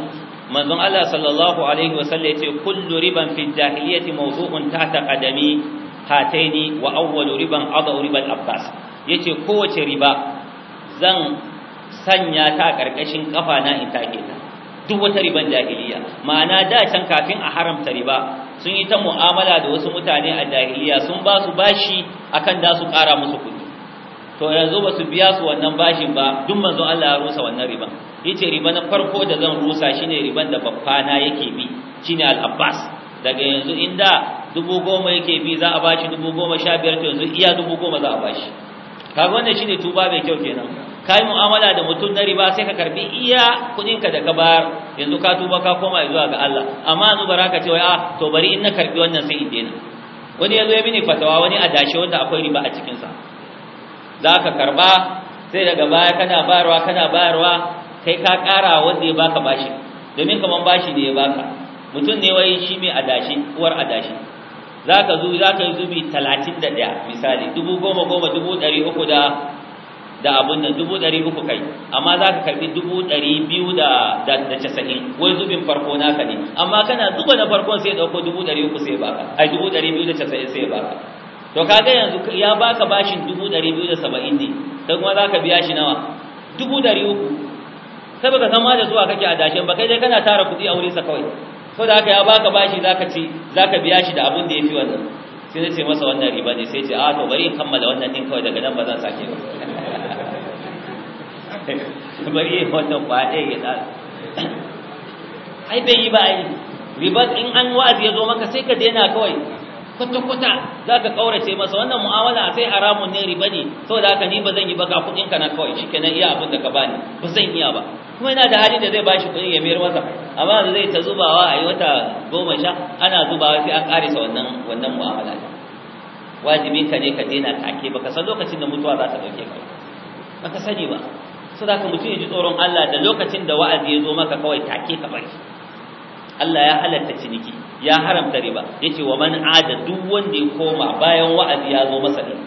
manzon Allah sallallahu alaihi wasallam yace kullu riban fi jahiliyyati mawdu'un tahta qadami hataini wa awwalu riban adau ribal abbas yace kowace riba zan sanya ta karkashin kafa na in take ta duk wata riban jahiliya ma'ana da can kafin a haramta riba sun yi ta mu'amala da wasu mutane a jahiliya sun ba su bashi akan da su ƙara musu kuɗi to yanzu ba su biya su wannan bashin ba duk manzo Allah ya rusa wannan riba yace riba na farko da zan rusa shine riban da na yake bi shine al-Abbas daga yanzu inda dubu goma yake bi za a bashi dubu goma sha biyar to yanzu iya dubu goma za a bashi kaga wannan shine tuba bai kyau kenan kai mu'amala da mutum na riba sai ka karbi iya kudin ka da ka bayar yanzu ka tuba ka koma zuwa ga Allah amma yanzu ka ce wai a ah, to bari in na karbi wannan sai in daina wani yazo ya zo mini fatawa wani a dashe wanda akwai riba a cikin sa ka karba sai daga baya kana bayarwa kana bayarwa kai ka kara wanda ya baka bashi domin kaman bashi da ya baka mutum ne wai shi mai adashi uwar adashi za ka zo za ka yi zubi talatin da ɗaya misali dubu goma goma dubu ɗari uku da da abun nan dubu ɗari uku kai amma za ka karɓi dubu ɗari biyu da casa'in wai zubin farko ka ne amma kana zuba na farkon sai ɗauko dubu ɗari uku sai baka ai dubu ɗari biyu da casa'in sai baka to kaga yanzu ya baka bashin dubu ɗari biyu da saba'in ne sai kuma za ka biya shi nawa dubu ɗari uku sai baka san ma da zuwa kake a dashen ba kai dai kana tara kuɗi a wurinsa kawai sau da aka ya baka bashi zaka ci zaka biya shi da abun da yafi wannan sai na ce masa wannan riba ne sai ce a ah, to bari in kammala wannan din kawai daga nan ba zan sake ba bari wannan ɗaya ya da ai bai yi ba ai riba in an wa'azi ya zo maka sai ka daina kawai kwata-kwata za ka ƙaurace masa wannan mu'amala sai haramun ne riba ne sau da haka ni ba zan yi ba ga kuɗinka na kawai shi kenan iya abin da ka bani ba zan iya ba kuma yana da halin da zai bashi kuɗi ya mayar masa amma da zai ta zubawa a yi wata goma sha ana zubawa sai an ƙarisa wannan wannan mu'amala wajibin ka ne ka daina take ka san lokacin da mutuwa za ta ɗauke ka ka sani ba sau haka mutum ya ji tsoron Allah da lokacin da wa'azi ya zo maka kawai take ka bari Allah ya halatta ciniki ya haramta riba yace wa man ada duk wanda ya koma bayan wa'azi ya zo masa din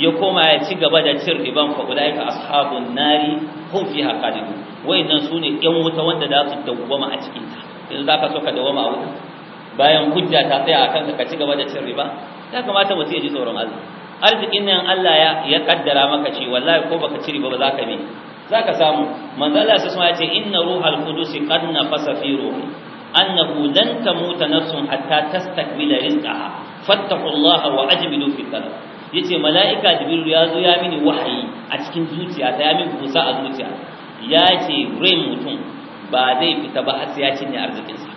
ya koma ya ci gaba da cin riban fa ulaika ashabun nari hum fiha khalidun wayannan sune yan wuta wanda za su dawwama a cikin ta yanzu zaka so ka dawwama a wuta bayan hujja ta tsaya akan ka ci gaba da cin riba ya kamata mutum ya ji tsoron Allah arzikin nan Allah ya ya kaddara maka ce wallahi ko baka ci riba ba zaka bi zaka samu manzo Allah sai ya ce inna ruhal qudus qad nafasa fi ruhi annahu lan tamuta nafsun hatta tastakmila rizqaha fattaqullaha wa ajmilu fi talab yace mala'ika jibril ya zo ya mini wahayi a cikin zuciya ta ya ku sa a zuciya ya ce rai mutum ba zai fita ba a siya ya cinye arzikinsa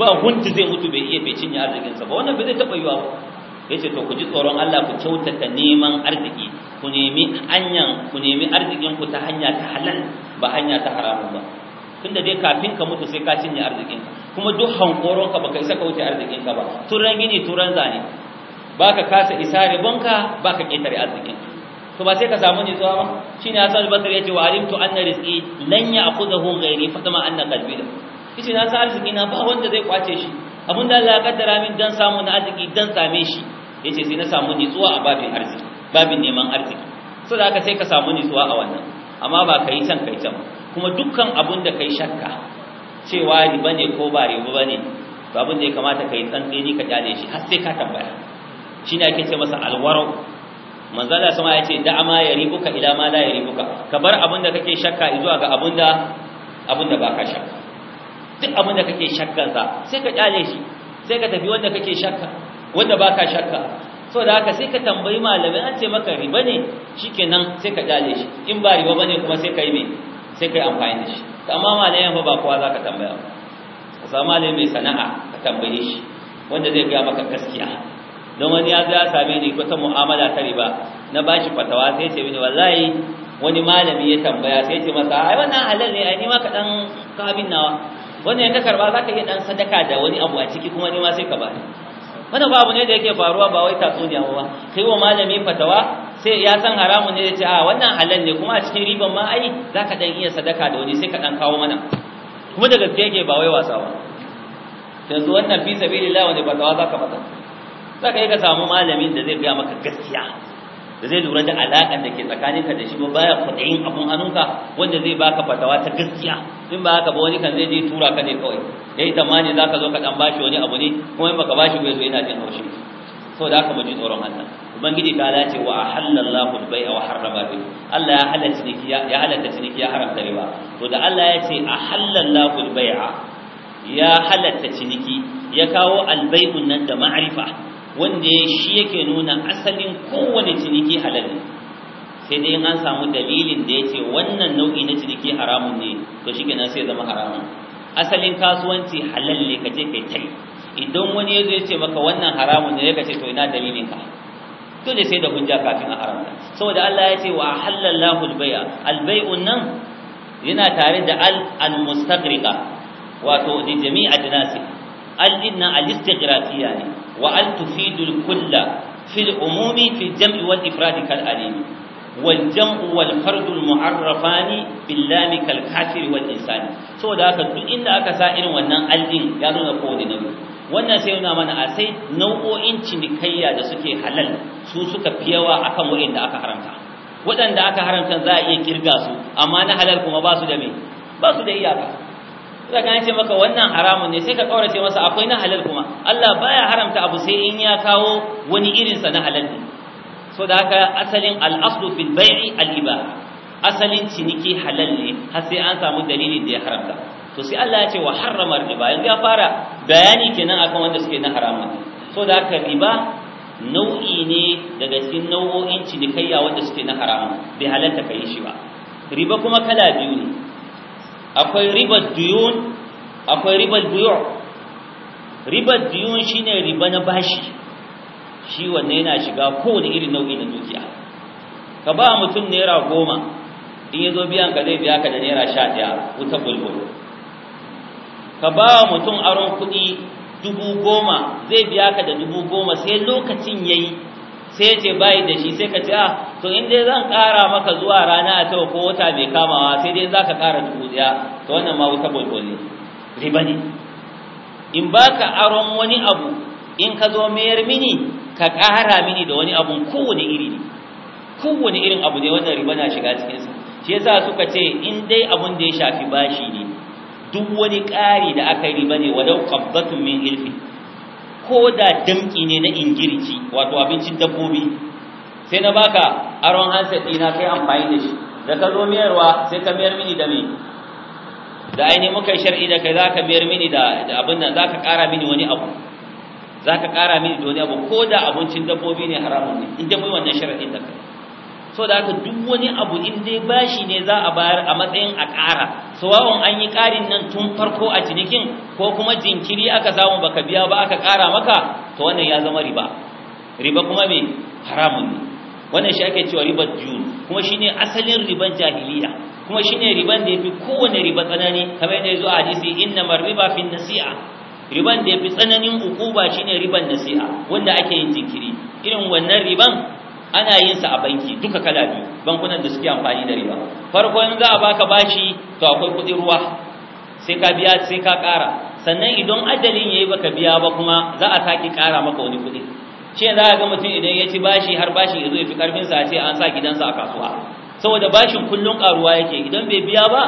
ba hunci zai mutu bai iya bai cinye arzikinsa ba wannan bai zai taɓa yiwa ba yace to ku ji tsoron Allah ku kyautata neman arziki ku nemi anyan ku nemi arzikin ku ta hanya ta halal ba hanya ta haramun ba tunda dai kafin ka mutu sai ka cinye arzikin kuma duk hankoron ka baka isa ka wuce arzikin ka ba turan gini turan zane baka kasa isa ribonka baka ketare arzikin to ba sai ka samu ne zuwa ba shine Hassan al-Basri yace wa alimtu anna rizqi lan ya'khudhahu ghairi fa kama anna qalbi da yace na san arziki na ba wanda zai kwace shi abin da Allah ya kaddara min dan samu na arziki dan same shi yace sai na samu zuwa a babin arziki babin neman arziki so da haka sai ka samu zuwa a wannan amma ba kai can kai can kuma dukkan abin da kai shakka cewa riba ne ko ba riba bane to abin da ya kamata kai tsantseni ka kyale shi har sai ka tambaya ne ake ce masa alwaro manzala sama ya ce da'ama ya ribuka ila ma la ya ribuka ka bar abin da kake shakka zuwa ga abin da abin da baka shakka duk abin da kake shakkan sa sai ka kyale shi sai ka tafi wanda kake shakka wanda baka shakka so da haka sai ka tambayi malamai an ce maka riba ne shikenan sai ka kyale shi in ba riba bane kuma sai ka yi me sai kai amfani da shi amma malamin fa ba kowa zaka tambaya ba ka samu malami mai sana'a ka tambaye shi wanda zai ga maka gaskiya don wani ya zo ya same ni ko ta mu'amala ta riba na bashi fatawa sai ce mini wallahi wani malami ya tambaya sai ce masa ai wannan halal ne ai ni ma ka dan ka nawa wannan ka karba zaka iya dan sadaka da wani abu a ciki kuma ni ma sai ka bani wannan babu ne da yake faruwa ba wai tatsuniya ba kai wa malami fatawa sai ya san haramun ne ya ce a wannan halal ne kuma a cikin riban ma ai za ka ɗan iya sadaka da wani sai ka dan kawo mana kuma da gaske yake ba wai wasa ba yanzu wannan fi sabilillah wani fatawa za ka mata za ka yi ka samu malamin da zai biya maka gaskiya da zai lura da alaƙar da ke tsakanin ka da shi ba baya kuɗin abun hannunka wanda zai baka fatawa ta gaskiya in ba haka ba wani kan zai je tura ka ne kawai ya tamani za zo ka dan bashi wani abu ne kuma in baka bashi bai zo yana jin haushi saboda haka mu ji tsoron Allah ubangiji ta dace wa halallahu al wa harrama riba Allah ya halal ciniki ya halalta ciniki ya haramta riba to da Allah ya ce a halallahu al-bai'a ya halalta ciniki ya kawo al nan da ma'rifa wanda shi yake nuna asalin kowane ciniki halal sai dai an samu dalilin da ce wannan nau'i na ciniki haramun ne to shi kenan sai zama haramun asalin kasuwanci halal ne kaje kai tai idan wani ya zo ya ce maka wannan haramun ne ka ce to ina dalilin ka dole sai da hujja kafin a haramta saboda Allah ya ce wa halallahu albai'a albai'u nan yana tare da al almustaqriqa wato da jami'a dinasi al dinna alistiqraqiya ne wa al tufidu kulla fil umumi fi jam'i wal ifradi kal alim wal jam'u wal fardu al mu'arrafani bil lam kal kafir wal saboda haka duk inda aka sa irin wannan al din ya nuna kowane nauyi wannan sai yana mana a sai nau'o'in cinikayya da suke halal su suka fi yawa akan waɗanda aka haramta waɗanda aka haramta za a iya kirga su amma na halal kuma ba su da mai, ba su da iyaka sai ka ce maka wannan haramun ne sai ka kaurace masa akwai na halal kuma Allah baya haramta abu sai in ya kawo wani irinsa na halal ne so da haka asalin al-aslu fil bai'i al-ibaha asalin ciniki halal ne har sai an samu dalilin da ya haramta to sai Allah ya ce wa harrama riba yanzu ya fara bayani kenan akan wanda suke na harama so da haka riba nau'i ne daga cikin nau'o'in cinikayya wanda suke na harama, bai halatta ka shi ba riba kuma kala biyu ne akwai riba duyun akwai riba buyu ribar duyun shine riba na bashi shi wanne yana shiga kowane irin nau'i na dukiya ka ba mutum naira goma in ya zo biyan ka zai biya ka da naira sha ɗaya wuta bulbul ka ba wa mutum aron kuɗi dubu goma zai biya ka da dubu goma sai lokacin ya yi sai ce bayi da shi sai ka ce ah to in dai zan ƙara maka zuwa rana a tawa ko wata mai kamawa sai dai za ka ƙara dubu ɗaya to wannan ma wuta bolbole riba ne in ba ka aron wani abu in ka zo mayar mini ka ƙara mini da wani abun kowane iri ne kowane irin abu ne wannan riba na shiga cikinsa shi yasa suka ce in dai abun da ya shafi bashi ne duk wani ƙari da aka yi riba ne walau qabdatun min ilfi ko da damki ne na ingirci wato abincin dabbobi sai na baka aron hanset dina kai amfani da shi da ka zo miyarwa sai ka miyar mini da me da aini muka yi shar'i da kai za ka miyar mini da abin nan za ka ƙara mini wani abu zaka ƙara mini da wani abu ko da abincin dabbobi ne haramun ne in dabbobi wannan shar'in da kai so da haka duk wani abu in dai bashi ne za a bayar a matsayin a ƙara sawa'un an yi ƙarin nan tun farko a cinikin ko kuma jinkiri aka samu baka biya ba aka ƙara maka to wannan ya zama riba riba kuma me haramun ne wannan shi ake cewa ribar jun kuma shine asalin riban jahiliya kuma shine riban da yafi kowane riba tsanani kamar yadda yazo a hadisi innamal riba fi nasi'a riban da yafi tsananin shi shine riban nasi'a wanda ake yin jinkiri irin wannan riban ana yin sa a banki duka kala biyu bankunan da suke amfani da riba farko in za a baka bashi to akwai kuɗin ruwa sai ka biya sai ka ƙara sannan idan ajalin yayi baka biya ba kuma za a saki ƙara maka wani kuɗi ce za ga mutum idan ya ci bashi har bashin ya zo ya fi karfin sa ce an sa gidansa a kasuwa saboda bashin kullun karuwa yake idan bai biya ba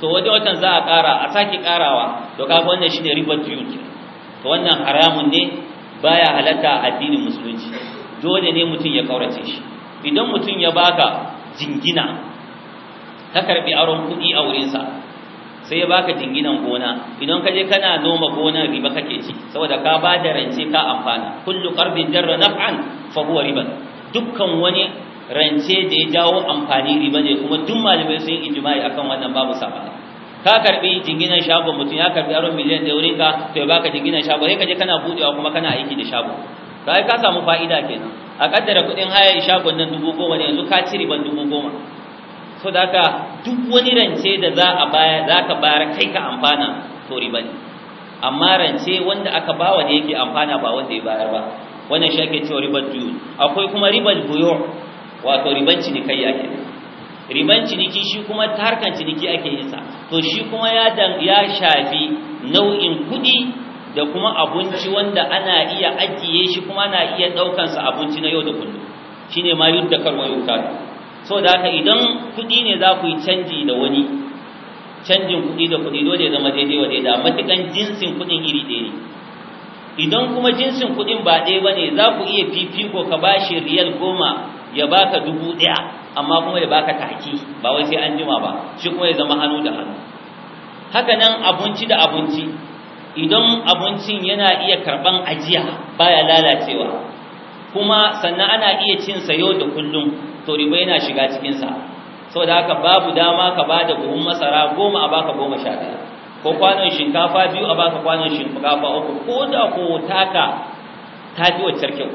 to wani watan za a ƙara a saki ƙarawa to kafa wannan shine riba to wannan haramun ne baya halatta addinin musulunci dole ne mutum ya kaurace shi idan mutum ya baka jingina ta karbi aron kuɗi a wurinsa sai ya baka jinginan gona idan ka je kana noma gona riba kake ci saboda ka ba da rance ka amfana kullu qardin jarra naf'an fa huwa riba dukkan wani rance da ya jawo amfani riba ne kuma duk malamai sun yi ijma'i akan wannan babu sabani ka karbi jinginan shago mutum ya karbi aron miliyan da wurinka to ya baka jinginan shago sai ka je kana budewa kuma kana aiki da shago kai ka samu fa'ida kenan a kaddara kudin haya ishagon nan dubu goma ne yanzu ka ci riban dubu goma so da haka duk wani rance da za a baya za ka bayar kai ka amfana to riba ne amma rance wanda aka bawa ne yake amfana ba wanda ya bayar ba wannan shi ake cewa ribar duyu akwai kuma ribar buyo wato riban ciniki ake riban ciniki shi kuma ta harkar ciniki ake yin sa to shi kuma ya ya shafi nau'in kuɗi da kuma abinci wanda ana iya ajiye shi kuma ana iya ɗaukansa abinci na yau da kullum shi ma yudda karwa yuta so da haka idan kuɗi ne za ku yi canji da wani canjin kuɗi da kuɗi dole zama daidai wa daidai matukan jinsin kuɗin iri ɗaya ne idan kuma jinsin kuɗin ba ɗaya ba ne za ku iya fifiko ka bashi riyal goma ya baka dubu ɗaya amma kuma ya baka taki ba wai sai an jima ba shi kuma ya zama hannu da hannu haka nan abinci da abinci idan abincin yana iya karban ajiya baya lalacewa kuma sannan ana iya cin sa yau da kullum to riba yana shiga cikin sa saboda haka babu dama ka bada buhun masara goma a baka goma sha biyu, ko kwanon shinkafa biyu a baka kwanon shinkafa uku ko da ko taka ta kyau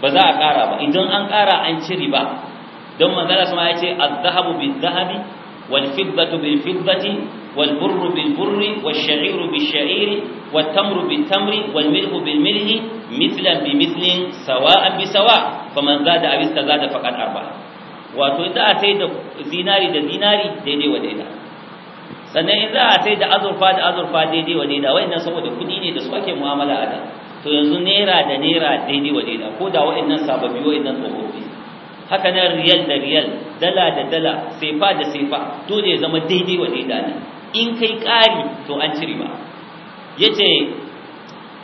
ba za a ƙara ba idan an ƙara an ci riba don manzala sama ya ce azzahabu bin dhahabi والفضة بالفضة والبر بالبر والشعير بالشعير والتمر بالتمر والملح بالملح مثلا بمثل سواء بسواء فمن زاد أو استزاد فقد أربعة wato za a sai da zinari da zinari daidai wa daida sannan za a sai da azurfa da azurfa daidai wa daida saboda kudi ne da su ake mu'amala a da to yanzu naira da naira daidai wa daida ko da wa'annan sababbi wa'annan tsofaffi haka nan riyal da riyal dala da dala sefa da sefa dole ya zama daidai wa daidai in kai ƙari to an ci riba yace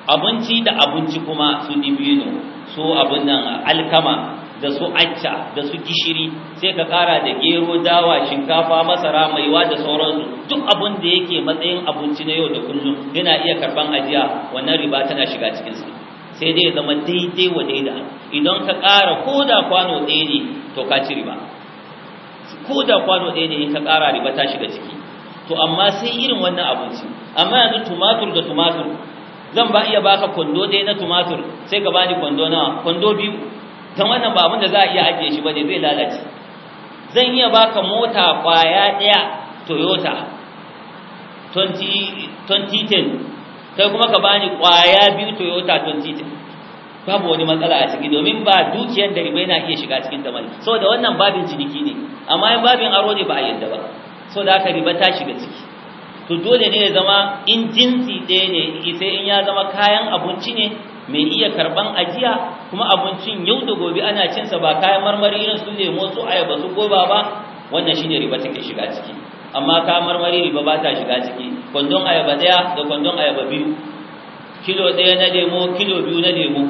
abinci da abinci kuma su dibino su abin nan alkama da su acca da su gishiri sai ka ƙara da gero dawa shinkafa masara maiwa da sauransu duk abin da yake matsayin abinci na yau da kullum yana iya karban ajiya wannan riba tana shiga cikin su sai dai zama daidai wa daida idan ka ƙara ko da kwano ɗaya ne to ka ci riba ko da kwano ɗaya ne in ka ƙara riba ta shiga ciki to amma sai irin wannan abinci amma yanzu tumatur da tumatur zan ba iya baka kwando ɗaya na tumatur sai ka bani kwando na kwando biyu ta wannan ba da za a iya ajiye shi ba ne zai lalace zan iya baka mota kwaya ɗaya Toyota 2010 kai kuma ka bani kwaya biyu Toyota 2010 babu wani matsala a ciki domin ba dukiyar da riba yana iya shiga cikin ta Sau da wannan babin ciniki ne amma yin babin aro ne ba a yadda ba da haka riba ta shiga ciki to dole ne ya zama in jinsi ɗaya ne sai in ya zama kayan abinci ne mai iya karban ajiya kuma abincin yau da gobe ana cinsa ba kayan marmari irin su lemo su ayaba su goba ba wannan shine riba take shiga ciki amma ka marmari riba ba ta shiga ciki kwandon ayaba daya da kwandon ayaba biyu kilo daya na lemo kilo biyu na lemo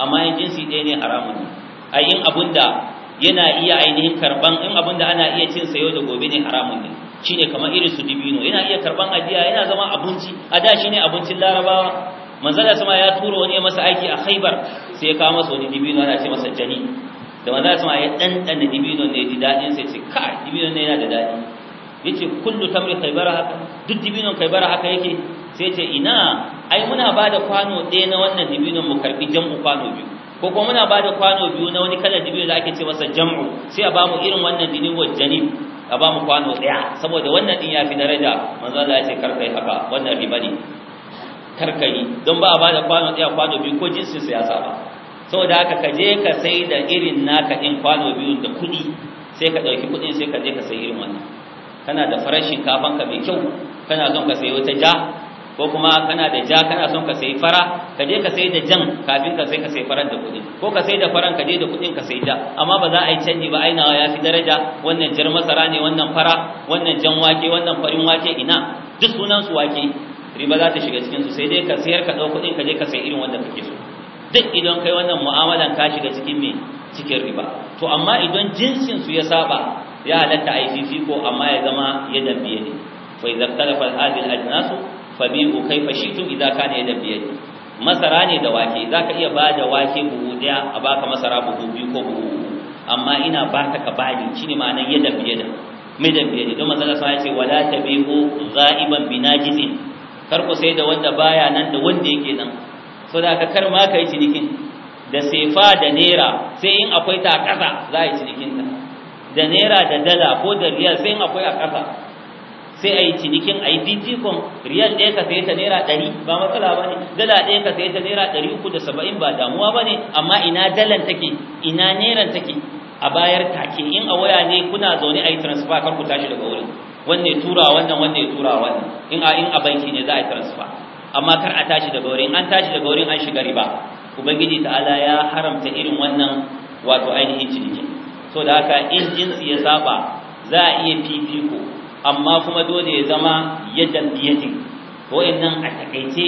amma yin jinsi daya ne haramun ne a yin abun da yana iya ainihin karban in abun da ana iya cin sayo da gobe ne haramun ne shine kamar irin su dibino yana iya karban ajiya yana zama abinci a da shine abincin larabawa manzala sama ya tura wani masa aiki a khaibar sai ya kawo masa wani dibino ana ce masa jani da manzala sama ya dandana dibino ne ji daɗin sai ce kai dibino ne yana da daɗi yace kullu tamri khaybara haka duk dibinon khaybara haka yake sai yace ina ai muna bada kwano ɗaya na wannan dibinon mu karbi jam'u kwano biyu ko kuma muna bada kwano biyu na wani kalar dibino da ake ce masa jam'u sai a bamu irin wannan wa janib a bamu kwano ɗaya saboda wannan din yafi daraja manzo Allah ya ce karkai haka wannan riba ne karkai don ba a bada kwano ɗaya kwano biyu ko jinsin ya saba? saboda haka ka je ka sai da irin naka ɗin kwano biyu da kuɗi sai ka ɗauki kuɗin sai ka je ka sai irin wannan kana da farar shinkafan ka mai kyau kana son ka sayi wata ja ko kuma kana da ja kana son ka sayi fara ka je ka sayi da jan kafin ka sai ka sayi faran da kuɗi ko ka sayi da faran ka je da kuɗin ka sayi ja amma ba za a yi canji ba ainawa ya fi daraja wannan jar masara ne wannan fara wannan jan wake wannan farin wake ina duk sunan su wake riba za ta shiga cikin su sai dai ka sayar ka ɗau kuɗin ka je ka sayi irin wanda kake so duk idan kai wannan mu'amalan ka shiga cikin me cikin riba to amma idan jinsin su ya saba ya halatta ICC ko amma ya zama yadan biye ne fa idza talafa hadhihi al ajnasu fa kai kayfa shi'tum idza kana yadan biye ne masara ne da wake zaka iya ba da wake buhu daya a baka masara buhu biyu ko buhu amma ina ta ka bani shine ma'anar yadan biye da mai dan ne don manzon sai ce wala tabi'u ghaiban binajizin kar ku sai da wanda baya nan da wanda yake nan so da ka kar ma kai cinikin da sefa da nera sai in akwai ta ƙasa za a yi cinikinta da naira da dala ko da riyal sai akwai a ƙasa sai a yi cinikin a yi fifikon riyal ɗaya ka sai ta naira ɗari ba matsala ba ne dala ɗaya ka sai ta naira ɗari uku da saba'in ba damuwa ba ne amma ina dalan take ina nairan take a bayar take in a waya ne kuna zaune a yi transfer kar ku tashi daga wurin wanne tura wannan wanne tura wannan in a in a banki ne za a yi transfer amma kar a tashi daga wurin an tashi daga wurin an shiga riba ubangiji ta'ala ya haramta irin wannan wato ainihin cinikin. so da haka in jinsi ya saba za a iya fifiko amma kuma dole ya zama yadda in nan a takaice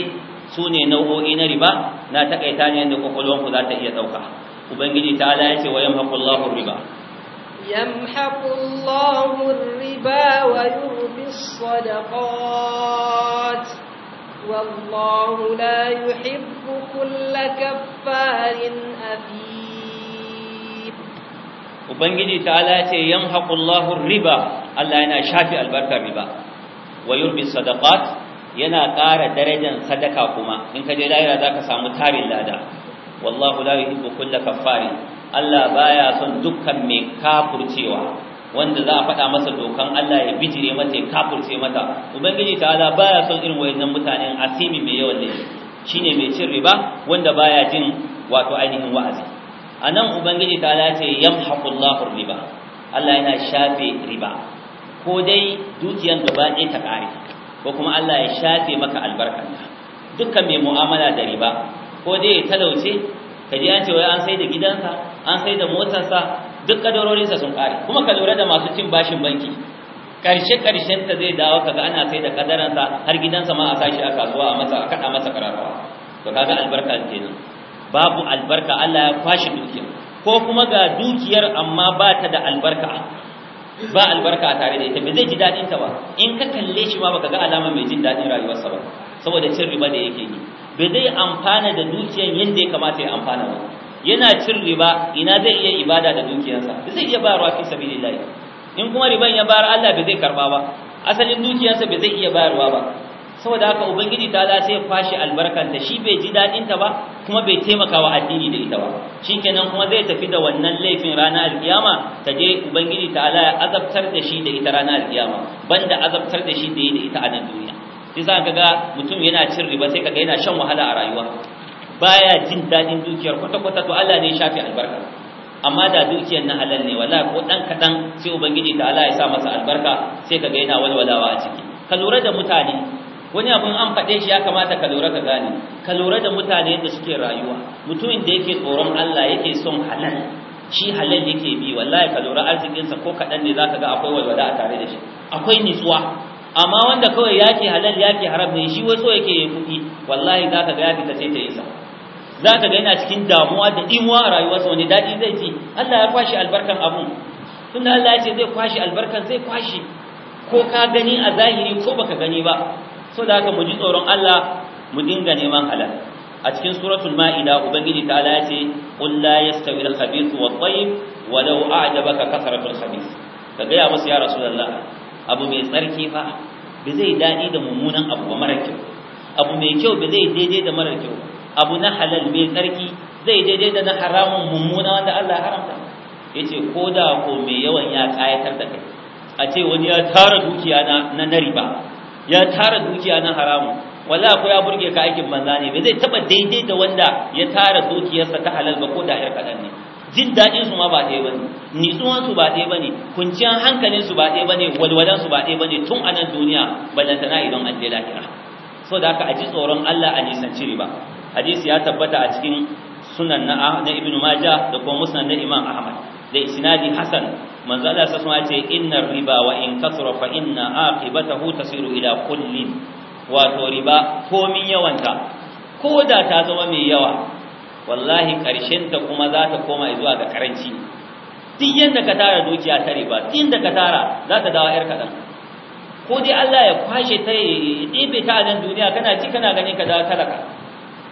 su ne nau'o'i na riba na takaita ne yadda kwakwalwanku za ta iya ɗauka ubangiji ta ala ya ce wa yamhaqullahu riba yamhaqullahu riba wa yurbi sadaqat wallahu la yuhibbu kulla kaffarin athim ubangiji ta'ala ce yamhaqullahu riba Allah yana shafi albarkar riba wa yurbi sadaqat yana ƙara darajar sadaka kuma in ka je lahira zaka samu tarin lada wallahu la yuhibbu kulla kaffari Allah baya son dukkan mai kafurcewa wanda za a faɗa masa dokan Allah ya bijire mata ya kafurce mata ubangiji ta'ala baya son irin wayannan mutanen asimi mai yawan laifi shine mai cin riba wanda baya jin wato ainihin wa'azi a nan ubangiji ta ce Allahu riba Allah yana shafe riba ko dai dukiyan da ɗaya ta kare ko kuma Allah ya shafe maka albarkanta dukkan mai mu'amala da riba ko dai ya talauce ka ji an ce wai an sai da gidansa an sai da motarsa duk kadarorinsa sun kare kuma ka lura da masu cin bashin banki karshe karshen ta zai dawo kaga ana sai da kadaransa har gidansa ma a sashi a kasuwa a masa a kada masa kararwa to kaga albarka kenan babu albarka Allah ya kwashe dukiya. ko kuma ga dukiyar amma ba ta da albarka ba albarka a tare da ita ba zai ji dadin ta ba in ka kalle shi ma baka ga alama mai jin daɗin rayuwarsa ba saboda cin riba da yake yi ba zai amfana da dukiyar yadda ya kamata ya amfana ba yana cin riba ina zai iya ibada da dukiyarsa ba zai iya bayarwa fi sabilillah in kuma riban ya bayar Allah ba zai karba ba asalin dukiyarsa ba zai iya bayarwa ba saboda haka ubangiji ta la sai fashi albarkanta shi bai ji dadin ta ba kuma bai taimaka wa addini da ita ba kenan kuma zai tafi da wannan laifin ranar alkiyama ta je ubangiji ta ala ya azabtar da shi da ita ranar alkiyama banda azabtar da shi da yi da ita a nan duniya sai za ka ga mutum yana cin riba sai kaga yana shan wahala a rayuwa baya jin daɗin dukiyar kwata kwata to Allah ne ya shafe albarka amma da dukiyar na halal ne wala ko dan kadan sai ubangiji ta Allah ya sa masa albarka sai kaga yana walwalawa a ciki ka lura da mutane wani abin an faɗe shi ya kamata ka lura ka gane ka lura da mutane da suke rayuwa mutumin da yake tsoron Allah yake son halal shi halal yake bi wallahi ka lura arzikinsa ko kaɗan ne zaka ga akwai walwala a tare da shi akwai nitsuwa amma wanda kawai yake halal yake haram ne shi waso yake yin kuɗi wallahi zaka ga ya fita sai ta yi sa zaka ga yana cikin damuwa da imuwa a rayuwarsa wani daɗi zai ci Allah ya kwashi albarkan abu, tunda Allah ya ce zai kwashi albarkan zai kwashi ko ka gani a zahiri ko baka gani ba so da haka mu ji tsoron Allah mu dinga neman halal a cikin suratul ma'ida ubangiji ta ala ce qul la yastawi al khabith wa tayyib walau a'jabaka kasratul khabith ka ga ya musu ya rasulullah abu mai tsarki fa ba zai dadi da mummunan abu ba mara kyau abu mai kyau ba zai daidai da mara kyau abu na halal mai tsarki zai daidai da na haramun mummuna wanda Allah haramta yace ko da ko mai yawan ya kayatar da kai a ce wani ya tara dukiya na na riba ya tara dukiya na haramun wallahi ko ya burge ka aikin banza ne bai zai taba daidai da wanda ya tara dukiyarsa ta halal ba ko da yar kadan ne jin dadin su ma ba dai bane tsuwan su ba dai bane kunciyan hankalin su ba dai bane walwalan su ba dai bane tun a nan duniya ballantana idan an je lahira so da haka a ji tsoron Allah a nisanci ba. hadisi ya tabbata a cikin sunan na ibnu majah da kuma musnad na imam ahmad da isnadi hasan manzo Allah sa ya ce inna riba wa in kasra fa inna aqibatahu tasiru ila kullin wato riba komin yawanta ko da ta zama mai yawa wallahi karshen ta kuma za ta koma zuwa ga karanci duk yanda ka tara dukiya ta riba duk yanda ka tara za ta dawo 'yarka dan ko dai Allah ya kwashe ta ya ɗebe ta a duniya kana ci kana ganin ka dawo talaka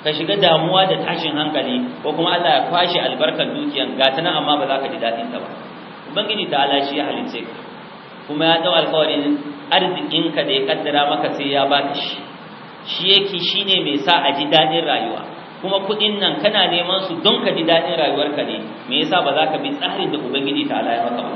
ka shiga damuwa da tashin hankali ko kuma Allah ya kwashe albarkar dukiyan gata nan amma ba za ka ji daɗin ta ba ubangiji ta ala shi ya halice ka kuma ya dau alƙawarin arzikin ka da ya kaddara maka sai ya baka shi shi yake shine mai sa a ji daɗin rayuwa kuma kuɗin nan kana neman su don ka ji daɗin rayuwarka ne me yasa ba za ka bi tsarin da ubangiji ta ala ya maka ba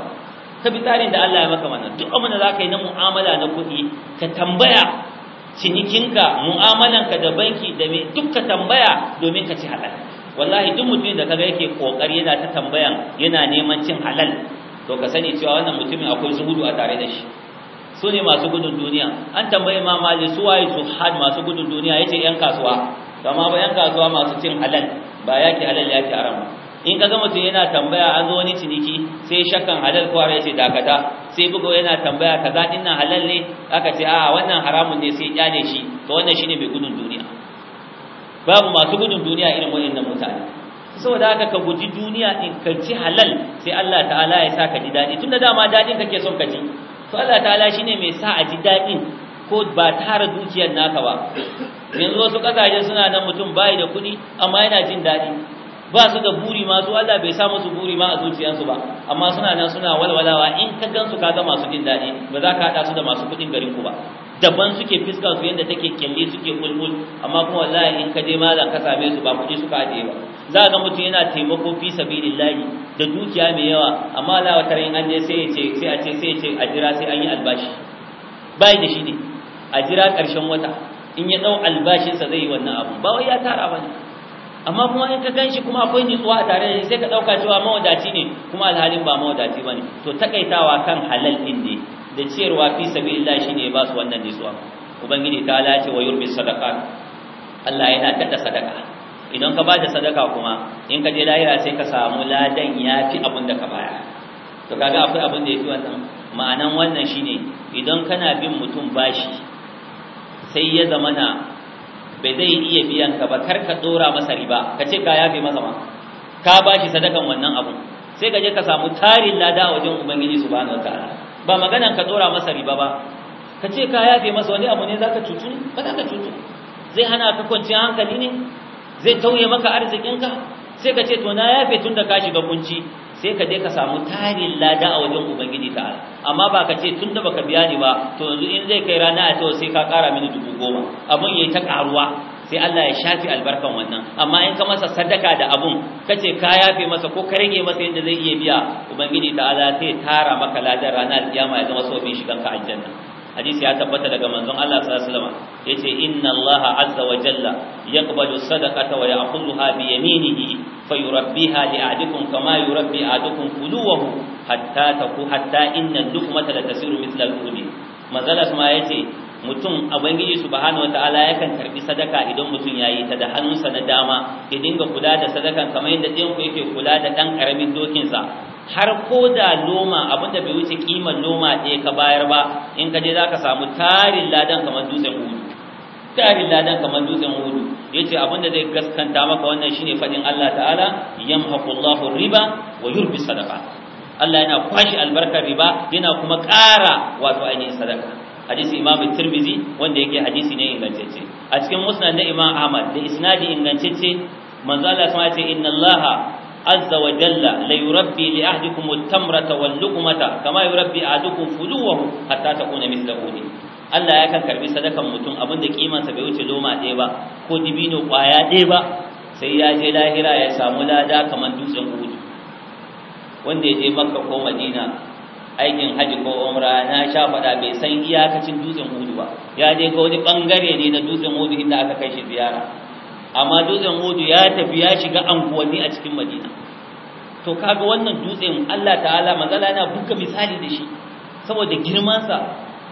ka bi tsarin da Allah ya maka mana duk abin da za ka yi na mu'amala na kuɗi ka tambaya cinikinka mu'amalan ka da banki da me dukka tambaya domin ka ci halal wallahi duk mutumin da kaga yake kokari yana ta tambayan yana neman cin halal to ka sani cewa wannan mutumin akwai zuhudu a tare da shi su ne masu gudun duniya an tambayi ma mali su waye had masu gudun duniya yace yan kasuwa kama ba yan kasuwa masu cin halal ba yake halal yaki haram in kaga mutum yana tambaya an zo wani ciniki sai shakkan halal ko haram yace dakata sai bugo yana tambaya kaza din nan halal ne aka ce a wannan haramun ne sai kyale shi to wannan shine bai gudun duniya babu masu gudun duniya irin waɗannan mutane saboda haka ka guji duniya din ka ci halal sai Allah ta'ala ya sa ka ji daɗi tunda dama daɗin kake son ka ji to Allah ta'ala shine mai sa a ji daɗin ko ba tara dukiyar naka ba yanzu wasu kasaje suna nan mutum bai da kuɗi amma yana jin daɗi ba su da buri ma su Allah bai sa musu buri ma a zuciyarsu ba amma suna nan suna walwalawa in ka gansu ka ga masu jin daɗi ba za ka haɗa su da masu kuɗin garin ku ba daban suke fiska su yadda take kyalli suke kulkul amma kuma wallahi in ka je malam ka same su ba kuɗi suka ajiye ba za ga mutum yana taimako fi sabilillahi da dukiya mai yawa amma Allah wata rin an je sai ya ce sai a ce sai ya ce a jira sai an yi albashi bai da shi ne a jira ƙarshen wata in ya ɗau albashinsa zai yi wannan abu ba wai ya tara ba ne amma kuma in ka ganshi kuma akwai nutsuwa a tare da sai ka dauka cewa mawadaci ne kuma alhalin ba mawadaci bane to takaitawa kan halal din ne da cewa fi sabilillah shine ba su wannan nutsuwa ubangiji ta ce wa yurbi sadaqat Allah yana tada sadaka idan ka bada sadaka kuma in ka je lahira sai ka samu ladan yafi abin da ka baya to kaga akwai abin da yafi wannan ma'anan wannan shine idan kana bin mutum bashi sai ya zamana bai zai iya biyan ka ba kar ka dora masa riba ka ce ka yafe masa ma ka ba shi sadakan wannan abu sai ka je ka samu tarin lada a wajen ubangiji subhanahu wataala ba maganan ka dora masa riba ba ka ce ka yafe masa wani abu ne zaka cutu ba zaka cutu zai hana ka kwanci hankali ne zai tauye maka arzikinka sai ka ce to na yafe tun da ka shiga kunci sai ka je ka samu tarin lada a wajen ubangiji ala, amma ba ka ce tun da baka biya ni ba to yanzu in zai kai rana a tawa sai ka kara mini dubu goma abun yayi ta karuwa sai Allah ya shafi albarkan wannan amma in ka masa sadaka da abun kace ka yafe masa ko ka rage masa yadda zai iya biya ubangiji ala sai tara maka ladan ranar kiyama ya zama sofin shigan ka aljanna hadisi ya tabbata daga manzon Allah sallallahu alaihi wasallam yace inna Allah azza wa jalla yaqbalu sadaqata wa ya'khudhuha bi yaminihi fayurabbiha li ahadikum kama yurabbi ahadukum fuluwahu hatta taku hatta inna luqmata la tasiru mithla al-udud manzala kuma yace mutum ubangiji subhanahu wataala yakan karbi sadaka idan mutum yayi ta da hannunsa na dama ya dinga kula da sadakan kamar yadda ɗayan yake kula da ɗan karamin dokinsa. har ko da loma abin da bai wuce kimar loma ɗaya ka bayar ba in ka je za ka samu tarin ladan kamar dutsen hudu tarin ladan kamar dutsen hudu ya ce abin da zai gaskanta maka wannan shine faɗin Allah ta'ala yamhaqullahu riba wa yurbi sadaka. Allah yana kwashe albarkar riba yana kuma ƙara wato ainihin sadaka hadisi imamu tirmizi wanda yake hadisi ne ingantacce a cikin musnad na imam ahmad da isnadi ingantacce manzo Allah ya ce inna allaha azza wa jalla la yurabbi li ahdikum at-tamrata wal lugmata kama yurabbi ahdukum fuluwahu hatta takuna mithla Allah ya kan karbi sadakan mutum abinda kimansa bai wuce loma ɗaya ba ko dibino kwaya ɗaya ba sai ya je lahira ya samu lada kamar dutsen udu wanda ya je makka ko madina aikin haji ko umra na sha faɗa bai san iyakacin dutsen udu ba ya je ga wani ɓangare ne na dutsen udu inda aka kai shi ziyara amma dutsen hudu ya tafi ya shiga anguwanni a cikin madina to kaga wannan dutsen Allah ta'ala mazala yana buka misali da shi saboda girmansa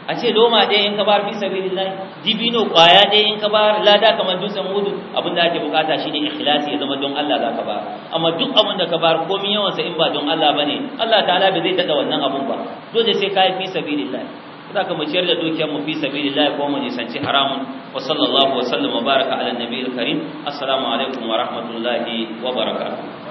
a ce doma ɗaya in ka bar fi lai dibino ƙwaya ɗaya in ka bar lada kamar dutsen hudu abin da ake bukata shi ne ikhlasi ya zama don Allah za ka bar amma duk abin da ka bar komai yawansa in ba don Allah ne, Allah ta'ala bai zai tada wannan abun ba dole sai ka yi fi lai ka mu ciyar da dukiyar mu fi sabilillah ko mu nisanci haramun wa sallallahu wa sallama baraka ala nabiyil karim assalamu alaikum wa rahmatullahi wa barakatuh